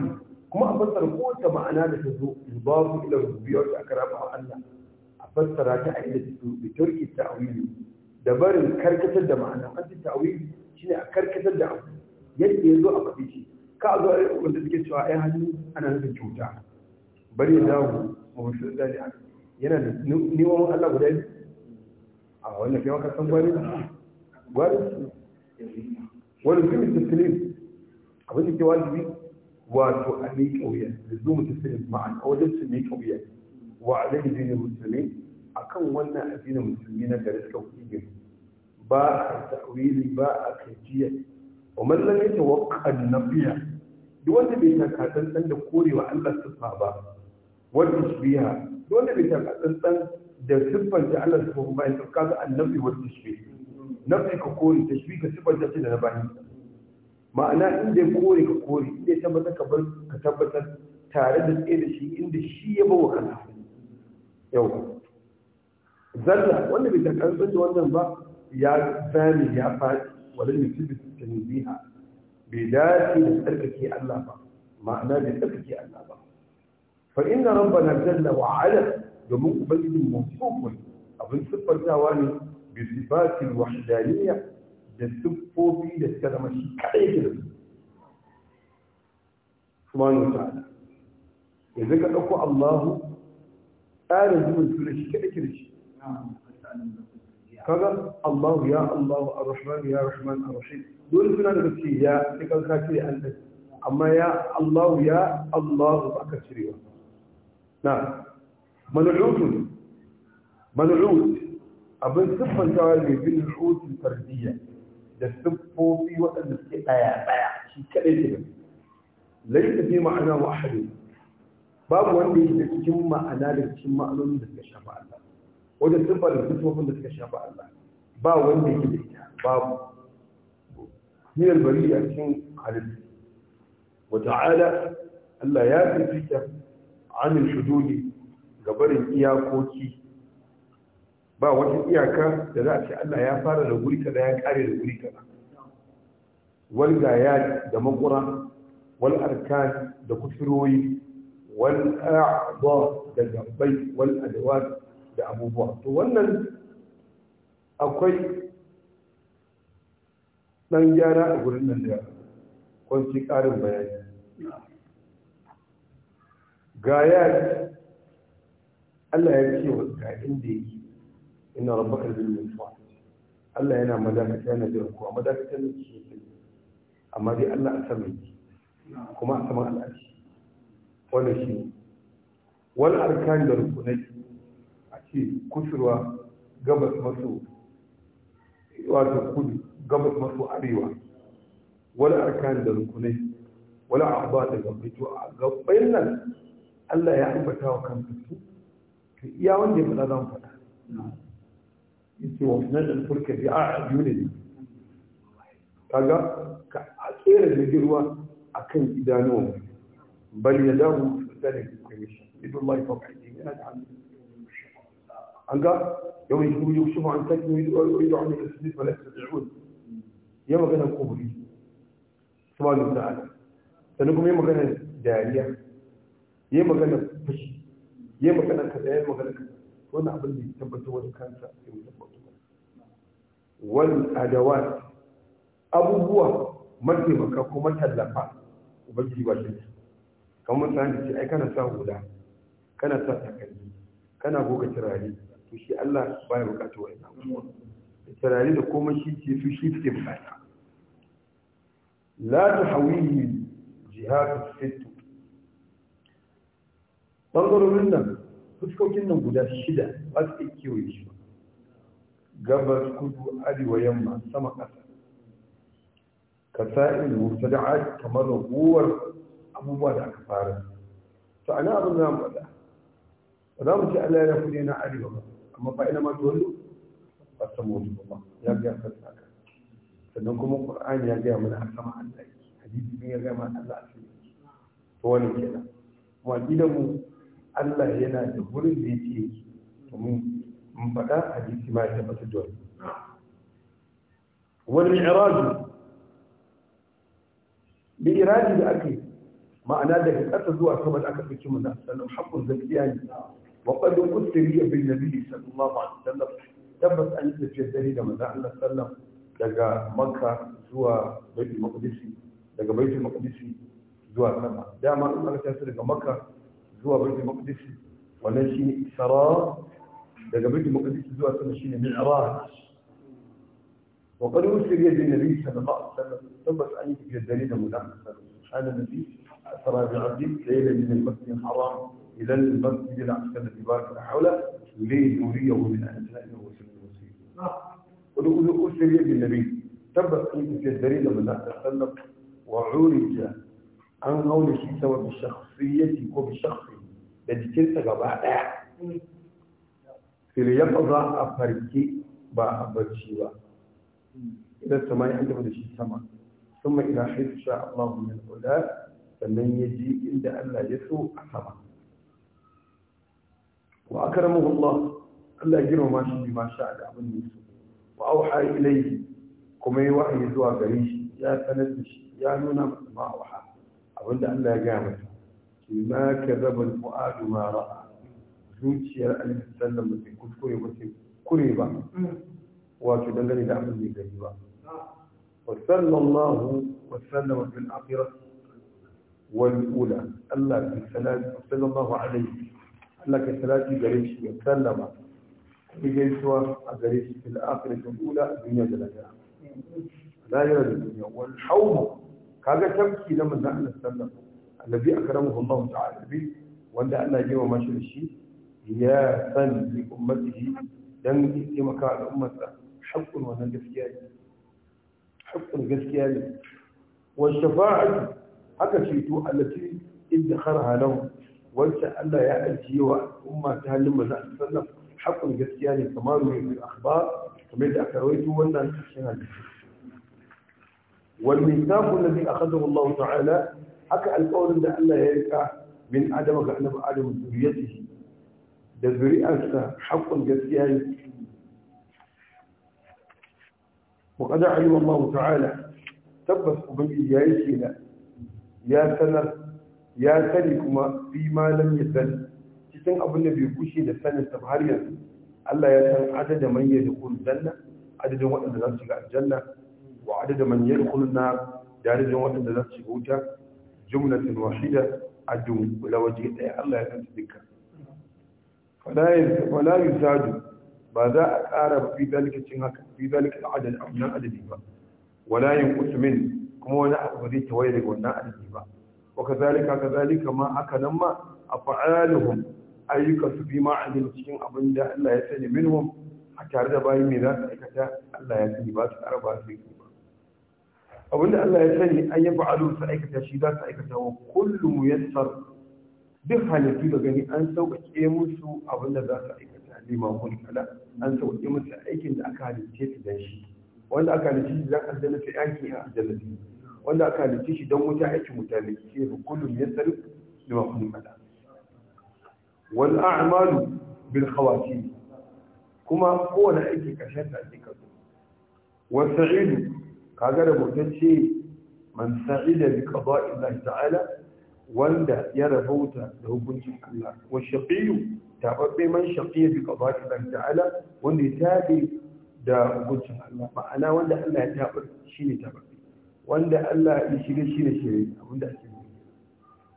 ما أفسر كل معنى لتسوء الباب إلى ربيع أكرام أو أن أفسر تأويل تسوء بترك التأويل دبر الكركة معنى أنت التأويل شنو الكركة الدمعنى يجي يزوء أقبيشي كأزوء أقبيشي كأزوء أقبيشي كأزوء أقبيشي كأزوء أقبيشي bari ya dawo a wasu dali yana da niwon Allah guda biyu a wannan kai maka san gwani gwani wani zuwa tattalin abin da ke wajibi wato a mai kauyen da zuwa tattalin ma'an a wajen su mai kauyen wa alaihi dinin musulmi akan wannan addinin musulmi na gari suka kuɗi ba a ta'wili ba a kajiya wa mallan yake wa kannabiya duk wanda bai taka tsantsan da korewa Allah sifa ba والتشبيه دون بتقدم da siffanta Allah subhanahu wa ta'ala kaga annabi wa tashbih nafi ka kore tashbih ka siffanta shi da na bayan ma'ana inda ya kore ka kore inda ya tabbatar ka bar ka tabbatar tare da tsaye da shi inda shi ya bawa kansa yau zalla wanda bai takarfin da wannan ba ya zami ya faɗi wadanda mutum bai tanziha bai dace da tsarkake Allah ba ma'ana bai tsarkake Allah ba فإن ربنا جل وعلا يمقبل الموصوف أظن سبب الزواني بصفات الوحدانية لسبه في لسلم الشكاية سبحانه وتعالى إذا كان أكو الله آل زمن سورة الشكاية كذا الله يا الله الرحمن يا رحمن الرحيم دول سنة نفسي يا تكال خاكري أنت أما يا الله يا الله أكثر شريوه نعم منعوت منعوت أبن سبب الجوالي في العود الفردية لسبب في وقت الاستقايا بايع شيء كأيجب ليس في معنى واحد باب وان تجمع أنا لتجمع لن تكشف الله وده سبب الفتوة من تكشف الله باب وان دي باب من البريئة عشان على وتعالى الله يأتي في كفر Amin shududi ga barin iyakoki ba wata iyaka da za a ce Allah ya fara da guri kaza ya kare da guri kaza wal gayat da makura wal arkan da kusuroyi wal a'dha da gabbai wal da abubuwa to wannan akwai dan gyara a gurin nan da kwanci karin bayani ga ya Allah ya ce wa ga inda yake ina rabbaka bil mutuwa Allah yana madakata yana jiran kowa madakata ne ke amma dai Allah a sama yake kuma a saman al'ashi wannan shi ne wani arkani da rukunai a ce kusurwa gabas maso wato kudu gabas maso arewa wani arkani da rukunai wani abuwa da gabbai to a gabbai nan Allah ya ambata wa kansa su to iya wanda ya faɗa zan faɗa yace wa nan da furka bi a yunani kaga ka a tsere da ruwa akan idanuwa bal yadahu sanin kwamishin idan Allah ya faɗa yana da hannu an ga yau yi kuma yau shifa an tafi yi da wani tasiri ba lafi da shi'un ya magana kuburi subhanahu wa ta'ala sannan kuma ya magana dariya yi magana fushi yi magana kaza yi magana kaza na abin da ya tabbatar wani kansa ya tabbatar wani adawat abubuwa maka, kuma tallafa ubangiji ba shi kamar mutane da ce ai kana sa hula kana sa takalmi kana goga turare to shi Allah baya bukata wani abubuwa turare da komai shi ke su shi ke bukata la tahawili jihar fit ɓangarorin nan fuskokin nan guda shida ba su iya kewaye shi ba gabas kudu arewa yamma sama ƙasa ka da aji kamar raguwar abubuwa da aka fara to ana abin za mu faɗa ba za mu ce Allah ya ne na arewa ba amma ba ina masu wani ba ta mutu ba ya ga kan saka sannan kuma ƙur'ani ya gaya mana a sama Allah hadisi ne ya gaya mana Allah a sama to wannan kenan mu akidan mu Allah yana da wurin da yake domin mun faɗa hadisi ma ya tabbata da wani wal mi'raj bi iradi da ake ma'ana daga ƙasa zuwa sama da aka fice mu da sallam hakkun zakiya ne wa qad usriya bin nabi sallallahu alaihi wasallam tabbas an yi tafiyar dare da manzo Allah sallam daga makka zuwa baitul maqdis daga baitul maqdis zuwa sama dama in aka tafi daga makka زوا بيت المقدس ونمشي سرا لقى بيت المقدس زوا تمشي معراج وقد وصل النبي صلى الله عليه وسلم ثم سألت في الدليل المدعم سبحان النبي أسرى بعبد ليلة من المسجد الحرام إلى المسجد الأقصى الذي بارك حوله ليه يريه من أنسائه وسلم وسلم وقد وصل يد النبي ثم سألت في الدليل المدعم سبحان وعرج عن قول شيء سوى الشخص بشخصيتي وبشخصي دي كلمه جبا ده في اليقظه افركي بابشي با اذا سمى عند بده شيء سمى ثم اذا حيث شاء الله من الهدى فمن يجي عند الله يسوء سمى واكرمه الله الله يجيره ما شاء بما شاء لعمل يسوء واوحى اليه كما يوحي يسوع قريش يا سند يا نونا ما اوحى عند الله قامت ما كذب الفؤاد ما راى زوجي الله عليه وسلم في كتكوي وفي كريبا واتو دنگني دا من دي غيبا وصلى الله وسلم في الاخره والاولى الله في الثلاث صلى الله عليه قال لك الثلاث جريش وسلم في جيسوا أدريش في الآخرة الأولى الدنيا دلجة لا يرد الدنيا والحوم كذا تمكي لما نحن نسلم الذي أكرمه الله تعالى به وأن أنا جيوا ما شرشي يا فن لأمته لن في على أمته حق وأنا قسكيان حق قسكيان والشفاعة حكى شيتو التي ادخرها له وانت ألا يا يأتي وأمة تهلم الناس وسلم حق قسكيان كما من في الأخبار كما يتأكرويته وانا الحسنان والميثاق الذي أخذه الله تعالى haka alƙawarin da Allah ya rika min adama ga annabi adamu zuriyatihi da zuriyarsa hakkun gaskiya ne wa qad alima Allah ta'ala tabbas ubangiji yayi shaida ya sanar ya sani kuma fi ma lam yasan cikin abin da bai kushe da sanin sa har yanzu Allah ya san adadin man yadkhul janna adadin waɗanda za su shiga aljanna wa adadin man yadkhul nar da adadin waɗanda za su shiga wuta جملة واحدة عدو ولا وجهة أي الله أنت ذكر فلا ولا يزاد ماذا أعرف في ذلك تنهك في ذلك العدد أبناء الديبا ولا ينقص من كما هو نحن فذي التويرق ونا الديبا وكذلك كذلك ما أكد ما أفعالهم أي يكسر بما عند المسكين أبناء الله يسجد منهم حتى أرد بأي ميزان حتى الله يسجد بأس أربع سيكون أو إن الله يسلي أن يفعلوا سائكة شيدات سائكة وكل ميسر بها نتيجة يعني أن سوء أقول أو إن ذا سائكة لما أقول لا أن سوء إيموسو أيك إن أكاد يتيت دانشي وإن أكاد يتيت دان أزلنا في أيك إن أزلنا في وإن أكاد يتيت دان متاعك متالك كيف كل ميسر لما أقول لا والأعمال بالخواتيم كما قول أيك كشاتا ذكرت والسعيد kaga rubutacce man sa'ida bi qada'illahi ta'ala wanda ya rabauta da hukuncin Allah wa shaqiyu tababbe man shaqiya bi qada'illahi ta'ala wanda ya tabi da hukuncin Allah ma'ana wanda Allah ya tabar shine tababbe wanda Allah ya shiga shine shiri abinda ake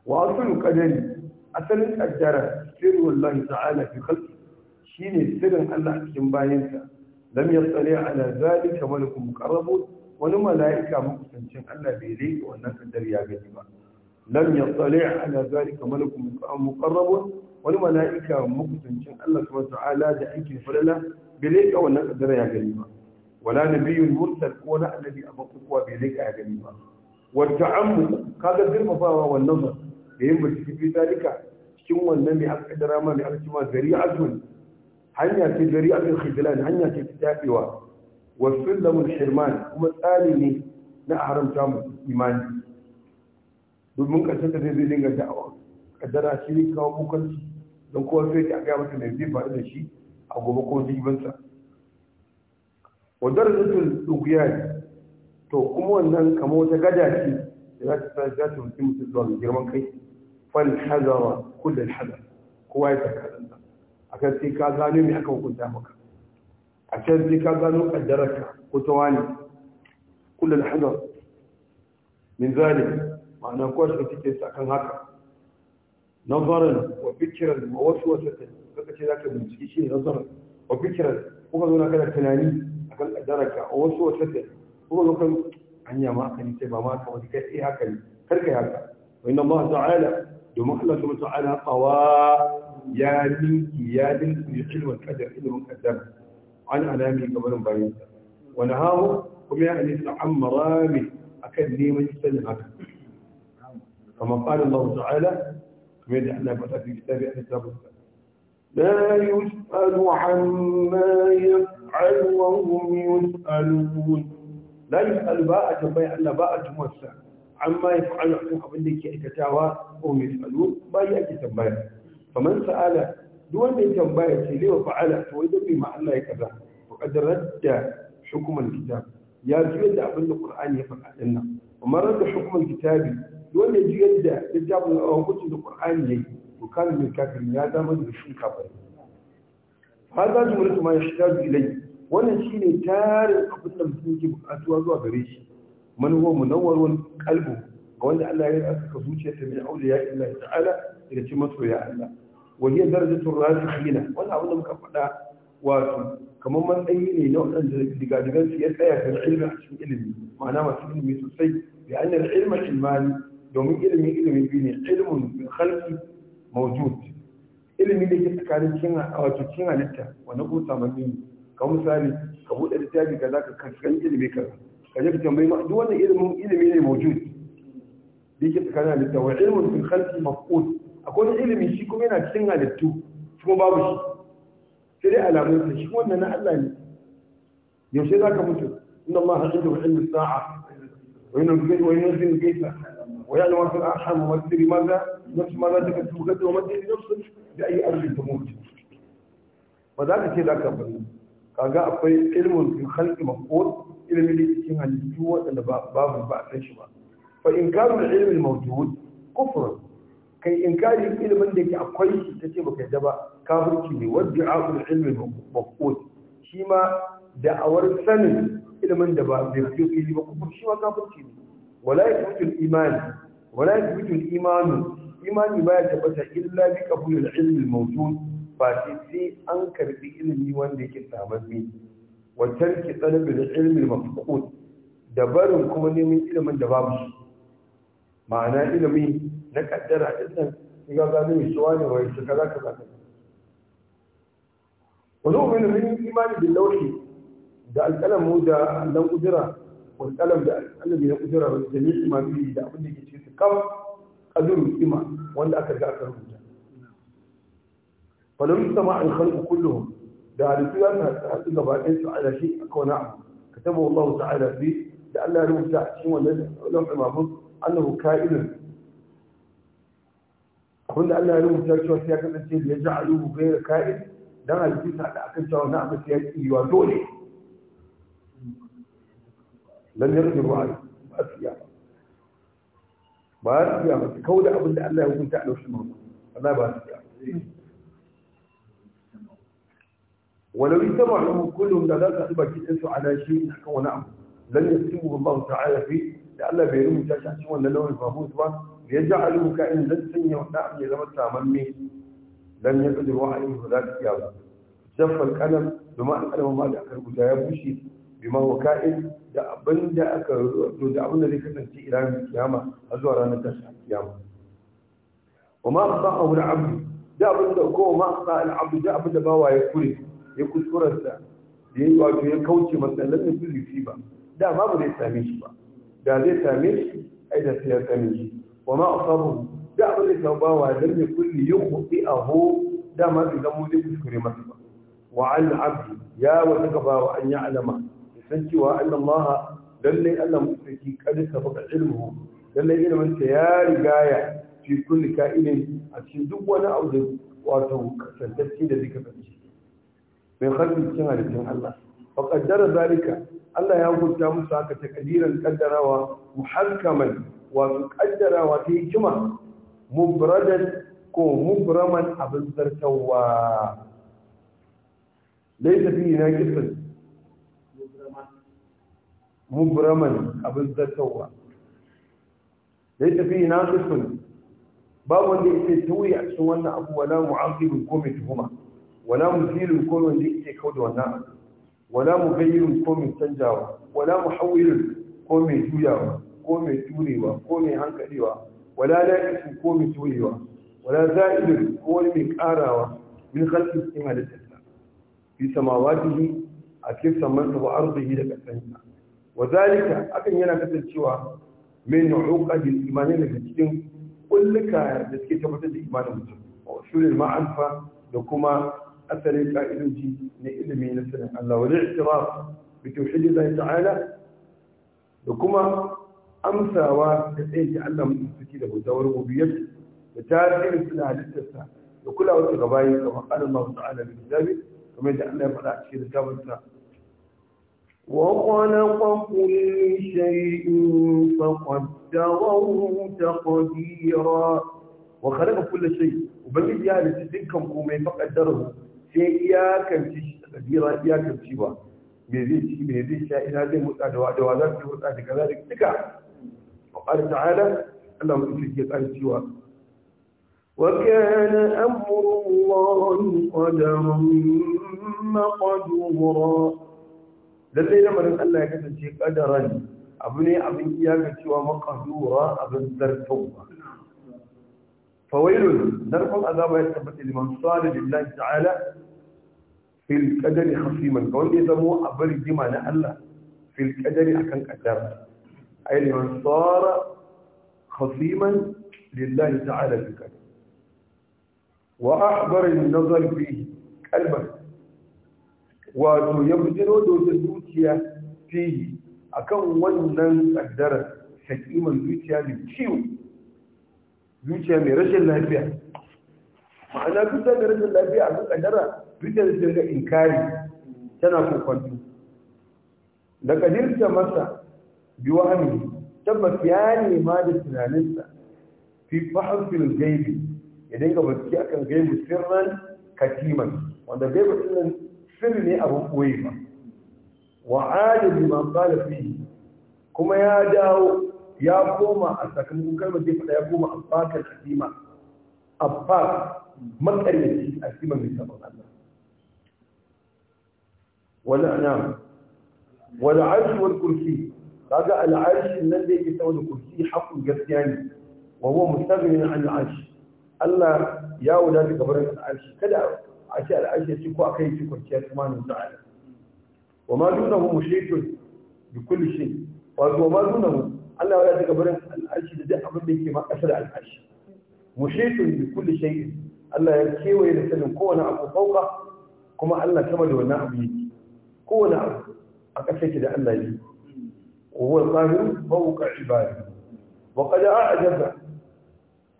wa aslu qadari asalin qaddara sirrullahi ta'ala fi khalqi shine sirrin Allah cikin bayinsa lam yasali ala zalika malakum muqarrabun wani mala'ika makusancin Allah bai laifi wannan kaddar ya gani ba lam yattali ala zalika malakun muqarrabun wani mala'ika makusancin Allah subhanahu ta'ala da ake falala bai laifi wannan kaddar ya gani ba wala nabiyyun mursal ko na annabi a bakuwa bai laifi ya gani ba wa ta'ammu kaga girmamawa wannan ba da yin bincike fi zalika cikin wannan mai aka kaddara ma mai aka cima zari'atun hanya ce zari'atun khidlan hanya ce ta tafewa wasu lamun shirman kuma tsari ne na haramta masu imani domin ƙarshen da zai dinga da'awa kaddara shi ne kawo hukunci don kowa sai ta gaya masa mai zai faru da shi a gobe ko jibansa wadda rikicin ne to kuma wannan kama wata gada ce da za ta sa za ta mutum mutum zuwa ga girman kai fal hazawa kullum hazar kowa ya taka a kan sai ka zane mai aka hukunta maka عشان ذي كانوا الدركة وتواني كل الحذر من ذلك ما أنا كوش بتيجي ساكن هكا نظرا وبكرا ووسوسة كذا كذا كذا من شيء شيء نظرا وبكرا هو كذا كذا تناني أكل الدركة ووسوسة هو كذا أن يا ما أن يتبع ما هو ذيك إيه هكا كذا هكا وإن الله تعالى دم الله سبحانه وتعالى طوى يا من يا من يقل والقدر إنه قدامه an alami gabanin bayan wani hawo kuma ya alisa an a kan neman sanin haka kama fara Allah ta'ala kuma yadda Allah ba ta fi kitabi a littafin sa لا يسأل عما يفعل وهم يسألون لا يسأل باء جمعي yi باء جمعي عما يفعل عن أبن لك يأتتاوى وهم يسألون ما يأتي تنبيه فمن سأل duk wanda ya tambaya ce lewa fa'ala to wai dabi ma Allah ya kaza ko qaddarat da hukumar kitab ya ji da abin da Qur'ani ya faɗa din nan amma radda hukumar kitabi duk wanda ya juyar da littafin hukuncin da Qur'ani yayi to kana mai kafin ya zama da shi kafirin hada jumlatu ma yashtaju ilai wannan shine tarin abin da mutum yake bukatuwa zuwa gare shi man huwa munawwarun qalbu wanda Allah ya yi aka ta mai auliya Allah ta'ala daga cikin masoya Allah وهي درجة الراسخين وانا أولا مكفأنا واتو كما من أيني نوع أن دقادقان سياسة في العلم عشان إلمي معناه ما في إلمي سوسي لأن العلم علماني يوم إلمي إلمي بيني علم بالخلق موجود إلمي لكي تكالي كينا أو تكينا لتا ونقول ثمانين كمثالي كبو الرتابي كذاك كسرين إلمي كذا كذلك تنبي مأدوان إلمي إلمي موجود لكي تكالي لتا وعلم بالخلق مفقود akwai wani ilimi shi kuma yana cikin halittu kuma babu shi sai dai alamun sa shi wannan na Allah ne yaushe za ka mutu inna Allah haƙiƙa wa ilmi sa'a wa yunzil gaisa ويعلم ما في الأرحام وما تدري ماذا نفس ماذا تكتب غدا وما تدري نفسك بأي أرض تموت فذلك كذا كبرنا كاغا أقوي علم في الخلق مفقود إلى من يتكين عن الجوة أن باب البعث شبا فإنكار العلم الموجود كفر kai inkari ilimin da ke akwai shi ta ce baka yadda ba kafirci ne wadda akul ilimin mafkot shi ma da awar sanin ilimin da ba bai fito fili ba kuma shi ma kafirci ne wala ya tabbatul imani wala ya tabbatul imanu imani ba ya tabbata illa bi qabulil ilmi mawjud fa shi sai an karbi ilimi wanda yake sababbi wa tarki talabil ilmi mafqud da barin kuma neman ilimin da babu shi ma'ana ilimi na kaddara din nan ga gano mai suwa ne wai su kaza kaza kaza wani umarni mun yi imani bin lauhi da alƙalam mu da allon kudura والقلم ده القلم ده قدره والجميع ما فيه ده abin da yake cikin kam qadru ima wanda aka ga aka rubuta falam sama al khalq kulluhum da halittuwa ta hadu gaba ɗayan su ala shi aka wani abu katabu Allah ta'ala bi da Allah ya rubuta a cikin wannan lauhul mahfuz annahu ka'inun abinda Allah ya rubuta cewa sai ya kasance da ya ji a rubu gaira kayan don halittisa da akan cewa na abin ya yi wa dole lan ya rubu ruwa ba su iya ba ba su iya ba su kawo da abin da Allah ya hukunta a laushin mamma Allah ba su iya ولو يتبعهم كلهم لا تقبل كتنسوا على شيء حكونا لن يسلمهم الله تعالى فيه da Allah bai rubuta shi a cikin wannan lauyin mahfuz ba da ya ja'alu ka in dan sanya wannan abin ya zama tamamme dan ya kudu wa alim ba za ta iya ba shaffal kalam domin alƙalamin ma da aka rubuta ya bushe bima wa ka'in da abin da aka rubuta da abin da zai kasance iranin kiyama a zuwa ranar tashin kiyama wa ma sa abu da abu da abin da ko ma sa al'abdu da abin da bawa ya kure ya kuskurarsa da ya wato ya kauce masallan da fi ba da ma ba zai same shi ba دادي تامل ايضا سيار تامل وما اصابه دعوة لتوبة وعدم كل يوم اهو دا ما تدمو دي تشكري مثلا وعن عبد يا وتكفى وان يعلم يسنتي وان الله دلني الا مفتكي قد سبق علمه دلني الى من سيار قاية في كل كائن عشان دب ولا اوزن واتو كسنتكي دا ذيك من خلف الجنة لجنة الله فقد جرى ذلك Allah ya hukunta musu haka takdiran kaddarawa muhakkaman wato kaddarawa ta hikima mubradan ko mubraman abin zartawa laisa fi na kisan mubraman abin zartawa laisa fi na kisan babu wanda yake tauye a cikin wannan abu wala mu'aqibun ko mai tuhuma wala musilun ko wanda yake kauda wannan abu ولا مغير قومي تنجاو ولا محول قومي جوياو قومي توريوا قومي هنكريوا ولا لائف قومي توريوا ولا زائد قومي كاراوا من خلف استعمال في سماواته أكيد سمرت وأرضه لك أسنسا وذلك أكن ينا كتل شوى من عقد الإيمان الذي قل لك يا تسكي تبتد إيمان المتحدث وأشول المعرفة لكما أثري قائلوجي لإلمي نسلم الله والاعتراف بتوحيد الله تعالى لكما أمسى وإن تعلم السكيلة ودور ربوبيته وتاريخ السنة للتسعة وكل أول غباية كما قال الله تعالى في كما يدعنا فلا أشكي كتابه وخلق كل شيء فقدره تقديرا وخلق كل شيء وبنجي هذا تدكم وما فقدره sai iyakanci shi da ɗabi'a iyakanci ba me zai ci me zai sha ina zai mutsa da wada wa za su mutsa da kaza da kika a ƙwari ta ala Allah mu fi ke ƙari ciwa wa kana amru Allah qadaran maqdura dan dai da manzon Allah ya kasance qadaran abu ne abin iyakanci wa maqdura abin zartuwa فويل نرفض عذاب يتبت لمن صار لله تعالى في القدر خصيما كون يزمو أبري جمع الله في القدر أكن قدر أي لمن صار خصيما لله تعالى في القدر واحضر النظر فيه قلبا ويبذل دوت الزوجية فيه أكن ونن قدر سكيما الزوجية للشيوخ zuciya mai rashin lafiya ma'ana zuciya mai rashin lafiya a kan fitar zuciya da shirga inkari tana kokwanto da kadirta masa biyu hannu tabbas ya nema da tunaninsa fi fahimfin gaibi ya dinga baski kan gaibi sirran katiman wanda gaibi sirran sirri ne abin koyi ba wa adadi ma kala fi kuma ya dawo ya koma a sakamakon kalmar zai faɗa ya koma a bakar asima a bakar makaryaci asima mai saman Allah wani ana wani arshi wani kursi kaga al'arshin nan da yake sama da kursi haƙun gaskiya ne wa huwa mustaghnin an al'arshi Allah ya wadata gabarin al'arshi kada a ce al'arshi ya ci ko akai ci kwanciya kuma ne ta'ala wa ma dunahu mushrikun bi kulli shay wa ma dunahu الله ولا تكبر العرش ده عمل بيك ما أسرع العرش محيط بكل شيء الله يركي ويرسل كون أبو فوق كما ألا كمل ونعم كون أبو أكثر كده ألا لي وهو القاهر فوق عباده وقد أعجب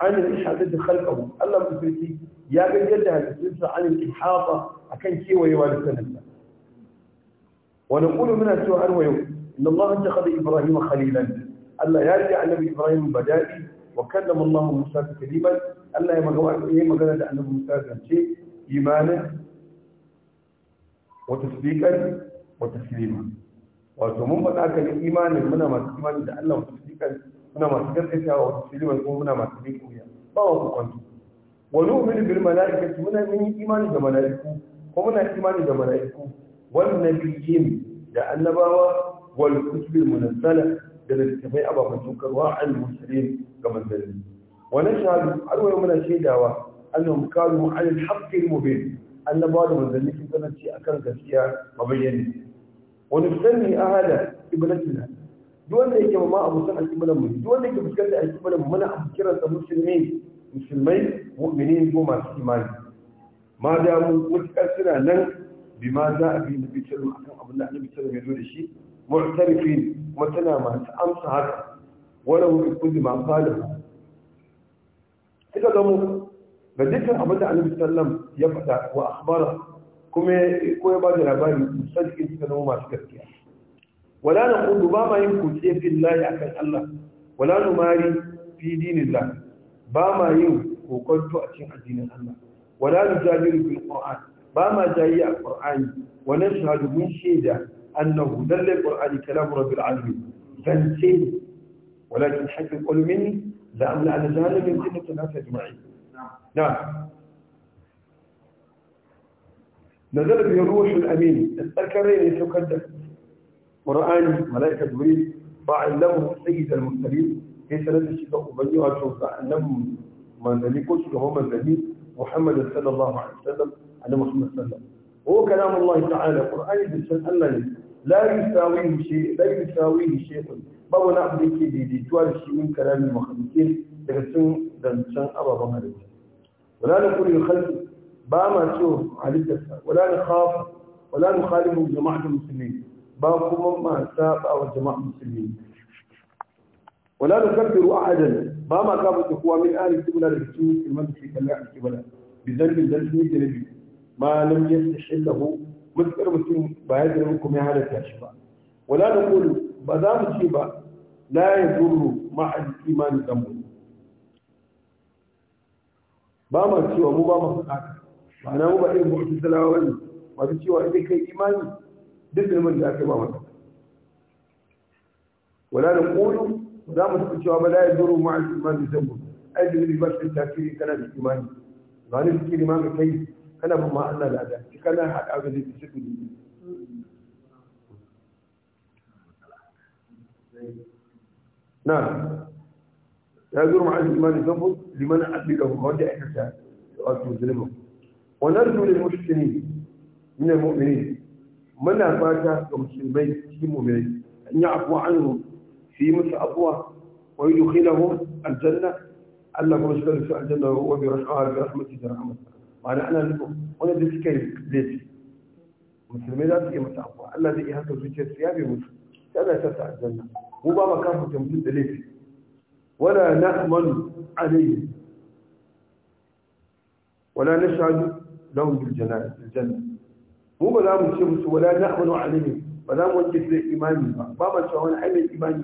عن الإحاطة خلقه الله مثلتي يا بن جد هل عن الإحاطة أكن كي ويوان سنة ونقول من السؤال ويوم إن الله اتخذ إبراهيم خليلا الله يرجع النبي إبراهيم بدالي وكلم الله موسى تكليما الله يمجوه مجانا لأنه موسى تنشي إيمانا وتسبيكا وتسليما وثمما تأكل إيمانا منا ما تسليما لأنه وتسبيكا منا ما تسليكا وتسليما منا ما تسليكا فهو قنطي ونؤمن بالملائكة منا من إيمان جمالائكو ومنا إيمان جمالائكو والنبيين لأنه والكتب المنزلة da littafai ababen tukarwa an musulmi ga manzanni wa nashhadu har wa muna shaidawa annahum kanu ala al-haqqi al-mubin annabawa da manzanni sun kasance akan gaskiya mabayyani wa nusanni ahada ibnatina duk wanda yake ma abu san alƙiblan mu duk wanda yake fuskanta alƙiblan mu muna amkiran sa musulmi musulmai mu'mini ko masu imani ma da mu mutakar suna nan bima za a bi nabi sallallahu alaihi wasallam akan abin da annabi sallallahu alaihi wasallam ya zo da shi معترفين متنا ما أمس هذا ولو بكل ما قاله إذا دموا بديت عبد عليه وسلم يبدا وأخبره كم كوي بعد الأبان مصدق كانوا ما سكتيا ولا نقول بما يمكن في الله أكل الله ولا نماري في دين الله بما يمكن وقد تؤتي دين الله ولا نجادل في القرآن بما جاي القرآن ونشهد من شيء ذا أنه دل القرآن كلام رب العالمين فانسين ولكن حق يقول مني أن جهنم من جنة الناس أجمعين نعم نزل به الروح الأمين الذكرين يتكدس قرآن ملائكة جبريل فعلمه سيد المرسلين في لدى الشتاء أبني وأشوف أنه من ملكوش وهو من محمد صلى الله عليه وسلم على محمد صلى الله عليه وسلم هو كلام الله تعالى قرآن بسن أنني لا يساويه شيء لا يساويه شيء بابا هو نعبد كي دي شيء من كلام المخلوقين لكن دنسان أبا بمهرج ولا نقول الخلف باما تشوف الدفع ولا نخاف ولا نخالف جماعة المسلمين باكم ما ساق أو جماعة المسلمين ولا نكبر أحدا باما كابت إخوة من آل كبلا لكتوب في كلا كبلا بذنب ذنب نجي ما لم يستحله مذكر مسلم بايدر منكم يا هذا الكاشفة ولا نقول بدام شيبا لا يضر مع الإيمان ذنب ba ma cewa mu ba ma faɗa ma'ana mu ba irin mu'tu salawa ne masu cewa idan kai imani duk zulmin da aka ba mata wala da qulu za mu tafi cewa ba la yaduru ma'a al-iman bi dhanbi ai da ba shi tafsiri kana da imani ba ne kike ma ka kai kana bin ma Allah lada kana haɗa ga zai fi kuɗi na ya zuru ma'an imani zambo liman abika wanda ya kasa wato zulma wa narju lil muslimin min al mu'minin muna fata ga musulmai cikin mu'minai an yi afuwa anhu fi musu afuwa wa yudkhilahum aljanna Allah kuma shi da su aljanna wa bi rahmatihi rahmatihi معناه انا انا دي سكي ليتي مسلمي ذات كي متعبوا الذي يهك زوجي الثيابي مسلم هذا يسرع الجنة مو بابا كافر تمتد ليتي ولا نأمن عليه ولا نشعل لهم بالجنة الجنة مو بلام الشمس ولا نأمن عليه بلام وجد إيماني بابا شو أنا عمل إيماني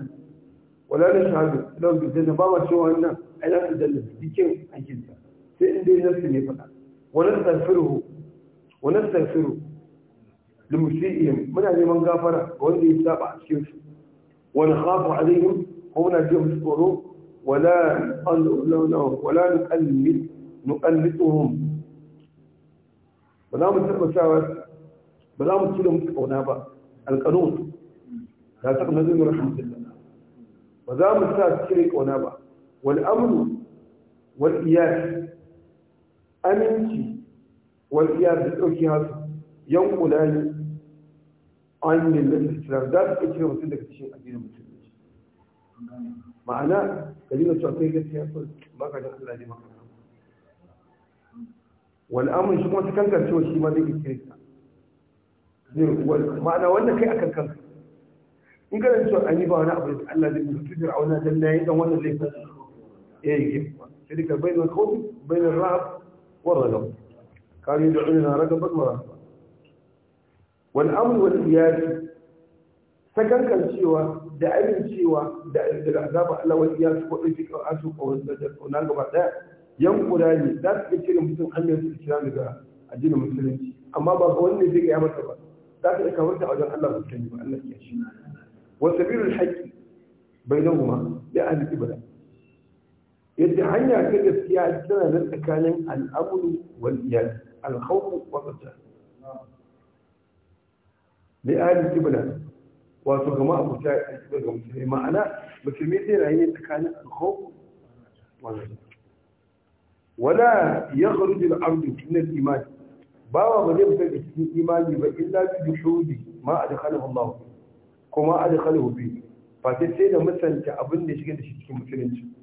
ولا نشعل لهم بالجنة بابا شو أنا أنا في الجنة دي كيف أجلسة سيندي نفسي فقط ونستغفره ونستغفره لمسيئهم من هذه من غفر وان يتابع سيف ونخاف عليهم ومن نجيهم سوره ولا نقلل ولا نقلل نقللهم بلا متساوى بلا متسلم كونا با القانون لا تقنطوا من رحمه الله وذا متساوى كونا با والامن والإياس aminci wal iyar da dauki hasu yankula ne an da islam za su iya cire mutum daga cikin addinin musulunci ma'ana kalima cewa kai gaskiya so baka da Allah ne maka wal amr shi kuma ta kankar cewa shi ma zai iya cire ka ma'ana wannan kai akan kanka in kana cewa an yi ba wani abu da Allah zai mutu da auna dan nayi dan wannan laifin eh ke sai ka bayyana kofi bayyana rahab والرجل كان يدعو لنا رجل بالمرأة والأمر والسياد سكن كان شيوة دعين شيوة دعين الأحزاب على والسياد كل فكرة أسوق ونالك بعد ذلك ينقل لي ذات كثير مسلم حمية الإسلام إذا أجينا مسلم أما بقول لي ذيك يا مرتبة ذات الكورتي أو جان الله مسلم وأنك يا شيخ وسبيل الحج بينهما لأهل الإبراهيم yadda hanya ta gaskiya tana da tsakanin al'amuru wal iyali alkhawfu wa qadar li ahli qibla wato kama abu ta qibla ga musulmi ma'ana musulmi zai rayu tsakanin alkhawfu wa qadar wala yakhruj al-abdu min al-iman bawa ba zai fitar da cikin imani ba illa bi shuhudi ma adkhalahu Allah kuma adkhalahu bi fa sai da musanta abin da shige da shi cikin musulunci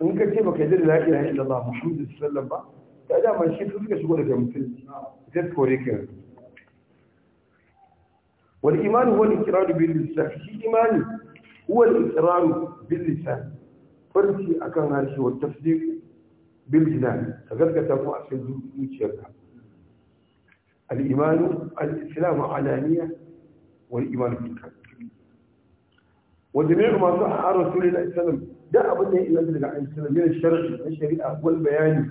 in ka ce baka yi da la ilaha illallah muhammadu sallallahu ba ta dama shi su suka shigo daga musulunci sai kore ka wal imani huwa al-iqrar bil lisan shi imani huwa al-iqrar bil lisan farci akan harshe wa tasdiq bil jinan ka gaskata ko a cikin zuciyarka al-imanu al-islamu alaniya wal imanu bil qalb wa jami'u ma sa'a rasulullahi sallallahu alaihi wasallam da abin da ya daga al-islamiyya shar'i na shari'a wal bayani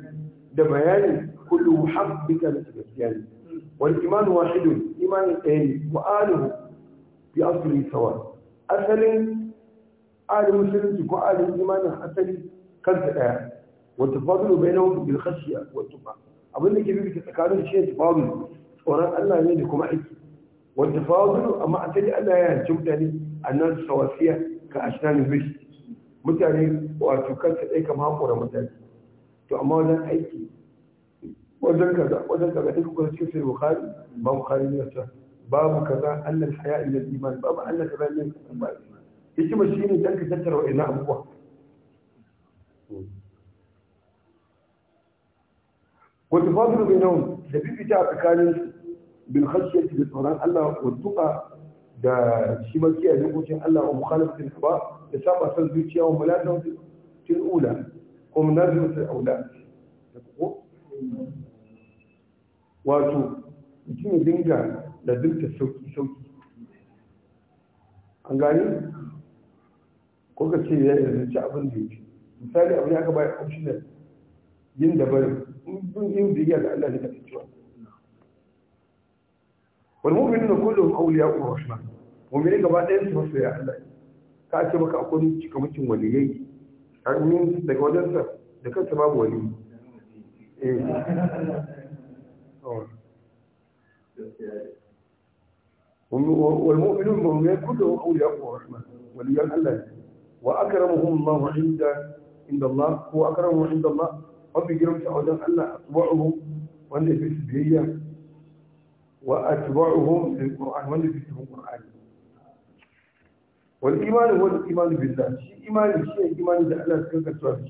da bayani kullu habbika da gaskiya wal iman wahidun imani ɗaya wa aluhu bi asli sawa asalin alim musulunci ko alim imanin asali kansa ɗaya wata fadulu bai nawa bil khashiya wata ba abin da ke bi tsakanin shi ne tafadulu tsoron Allah ne da kuma aiki wata fadulu amma asali Allah ya yanci mutane annan sawasiya ka ashnanin bishi mutane wato kansa ɗai kama haƙura mutane to amma wajen aiki wajen kaza wajen kaza ɗai kuma cikin sai bukari ba bukari ne wata babu kaza annal haya ila iman babu annal kaza ne ba hikima shi ne dan ka tattara wa'ina abubuwa wata fasiru bai nau da bibita a tsakanin bilkhashiyar da tsoron allah wa tuka da shi ma kiyaye dokokin Allah wa mukhalafatin hawa da saba san zuciya wa mulatan til ula ko munazimatul aula wato mutum ya dinga lazimta sauki sauki an gani ko ka ce ya lazimci abin da yake misali abin ya ka bayar optional yin dabarin in bin yin biyayya ga Allah ne ka cewa والمؤمنون كلهم أولياء الرحمن مؤمنين gaba ɗayan su masu ya Allah ka ce maka akwai cikamakin waliyai أمين daga wajensa da kansa babu wali eh والمؤمنون مؤمنين كلهم أولياء الرحمن وليان الله وأكرمهم الله عند عند الله هو أكرمهم عند الله ربي جرمت أولا الله أطبعهم وأن في سبيليه وأتبعهم للقرآن في القرآن والإيمان هو الإيمان بالله شيء إيمان شيء إيمان ده الله سبحانه وتعالى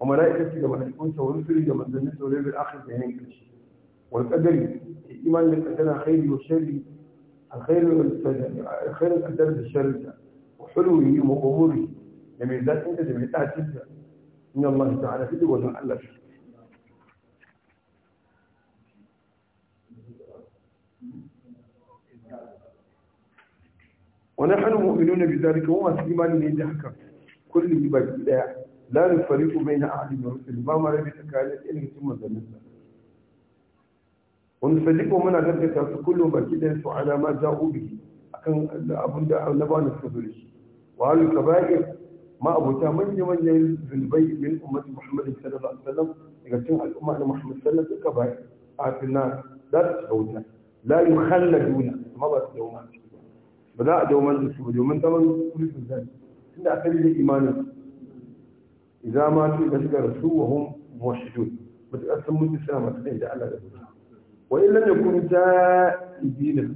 وملائكته وملائكته ورسله ومن ذنبه وليه بالآخر بهين كل شيء والقدر ايمان بالقدر خير وشر الخير الخير القدر الشر وحلوه وقبوله لما يزال أنت لما يتعتد ان الله تعالى في دولة الله ونحن مؤمنون بذلك وما إيمان نيجي حكا كل يبقى لا لا نفرق بين أحد ورسل ما مر بتكاليف إيه إلا ثم ذنبه ونصدقه من أجل كل ما كده على ما جاءوا به أكن أبن دا نبان الفضلش وقالوا الكبائر ما أبو تامن من البيت من أمة محمد صلى الله عليه وسلم يقول الأمة محمد صلى الله عليه وسلم كبائر آه، في النار لا تتعودنا لا يخلدون ما بس يومات ba za a daumar da su ba domin zaman kulisun zai tunda asali da imanin idan ma su da suka rasu wa hun mashidun matuƙar sun mutu suna masu kai da Allah da mutu wa illan da kun ta ibinin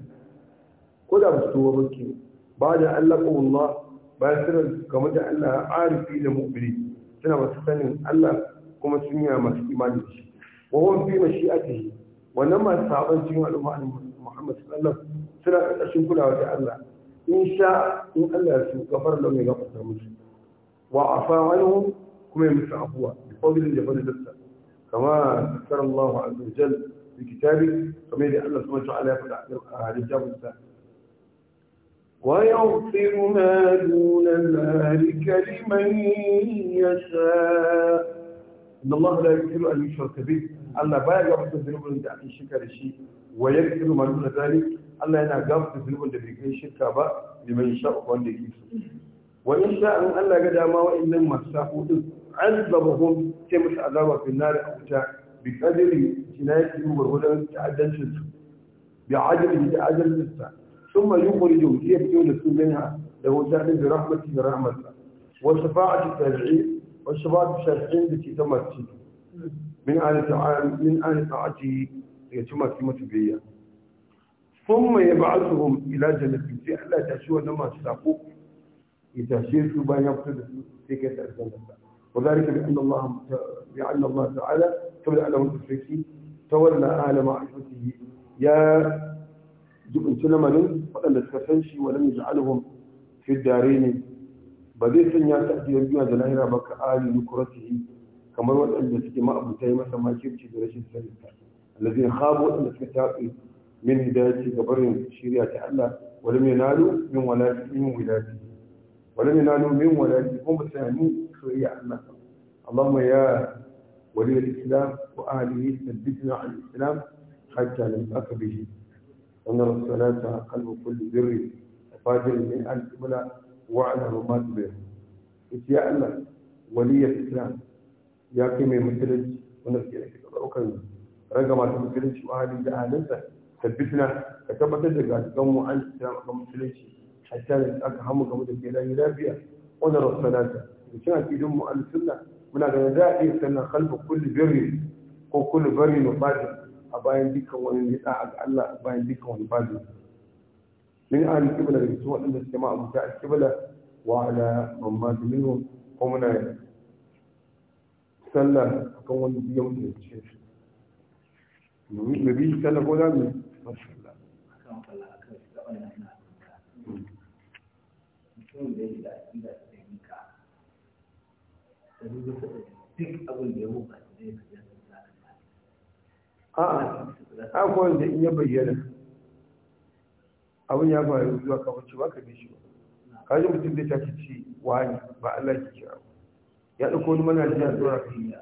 ko da musu tuwa mulki ba da Allah ko Allah bayan suna game da Allah arifi da mu'mini suna masu sanin Allah kuma sun yi masu imani da shi wa hun fi mashi'atihi wannan masu saban cikin al'umma Muhammad sallallahu alaihi wasallam suna ƙarƙashin kulawa da Allah إن شاء إن الله يسوء كفر لهم إذا قتل مجرم وعفى عنهم كما يمسع أبوه بفضل جبل دفتة كما ذكر الله عز وجل في كتابه كما يدي الله سبحانه وتعالى يفضل أهل الجبل الثاني ويغفر ما دون ذلك لمن يشاء إن الله لا يغفر أن يشرك به الله باقي يغفر ذنوب من دعم الشكر الشيء ويكفر ما دون ذلك Allah yana gafarta zunubin da bai kai shirka ba liman sha wanda yake so wa in sha an Allah ga dama wa'annan masu safo din azabahum sai musu azaba fi nar a wuta bi qadri jinayati gurgudan ta'addancin su bi ajali da ajalin sa ثم يخرجهم يبتون منها له سهل برحمته برحمته وشفاعة التابعين والشباب الشافعين التي تمت من آل تعالى من آل طاعته يتم كلمة بيئة ثم يبعثهم إلى جنة في لا تشوى لما تشاقوا إذا شو بان يقصد في كيس الجنة وذلك بأن الله لأن الله تعالى تولى أهل المشركين تولى أهل معرفته يا جبن سلمان ولم تكفنشي ولم يجعلهم في الدارين بديسن أن يأتي يبنى ذلك بك آل نكرته كما هو تسكي ما أبو تيمة ما كيبتي برشد الذين خابوا أن تكتابوا من هدايته قبر شريعة الله ولم ينالوا من ولايته من ولم ينالوا من ولاتهم هم شريعة الله اللهم يا ولي الإسلام وآله ثبتنا على الإسلام حتى نلقاك به ونرى الصلاة قلب كل بر وفاجر من ألف ولا وعلى ما تبيه يا الله ولي الإسلام يا كيمي مثلج ونرجع لك أوكي رقم مثلج وأهلي لأهلنسك تلبسنا كما تدرك قوم عن السلام قوم سليش حتى نتأك هم قوم تبقينا يلابيا ونرى الصلاة إن شاء في دم أهل السنة هناك نذائي سنة خلف كل بري وكل بري مفاجئ أباين بك وإن يتاعد الله أباين بك وإن يبادئ من أهل الكبلة يسوع إن السماء متاع الكبلة وعلى من مات منهم قمنا سنة كون يوم الشيخ نبي سنة قولاني mashallah in ya bayyana abin ya faru zuwa kawace ba ka bi shi ba kaji mutum zai tafi ci wani ba Allah ke kira ya ɗauko wani mana da ya tsora ka yi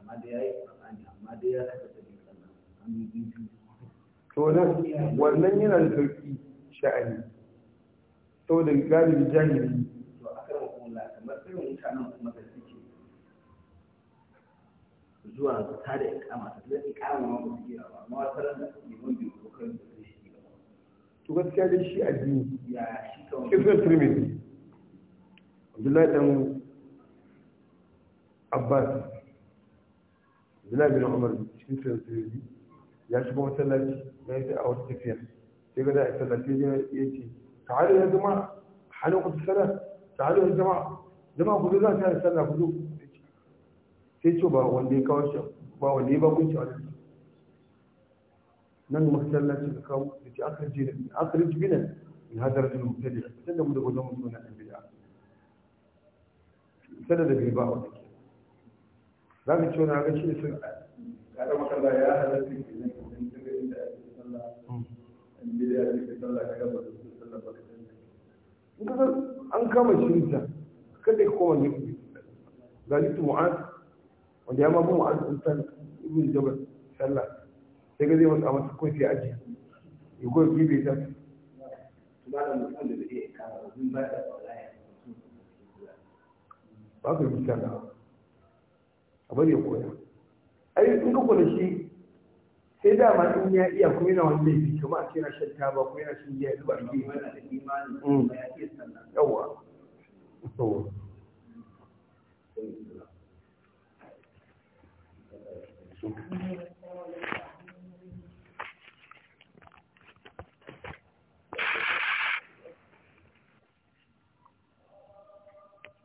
amma da ya yi amma da ya to wannan yana da sauki sha'ani da galibi jahili to a kan da suke zuwa ta da ta da ma ba su yi wata ranar da ke biyu ko kan da shi ba to gaskiya dai shi jini ya shi kawai abdullahi dan abbas abdullahi bin umar cikin trimidi ya shigo masallaci ya yi a wata tafiya sai ga da a sallaci ya ce ta'ala ya zama halin kusa sana ta'ala ya zama zama ku zo za ta yi sallah ku zo sai ce ba wanda ya kawo shi ba wanda ya ba kun shi wani nan masallaci kawo da ke akarin jibinan in hadar da mutane a fitar da mu da wajen mutum na ɗan da bai ba wata ke za ka ci wani haka shi sun ƙarar makalla ya halatta ke nan cikin gida ya ce sallah ka gaba da su sallah ba ka san an kama shirka kada ka koma ne galitu mu'az wanda ya mabu mu'az ɗin san ibn jabal sallah sai zai masa ko sai aji ya koyi bibe ba ka yi bisa da a bari ya koya ai in ka kula sai da ma in ya iya kuma yana wani laifi kuma a ce yana shan taba kuma yana shan giya zuwa ke yawa Thank you.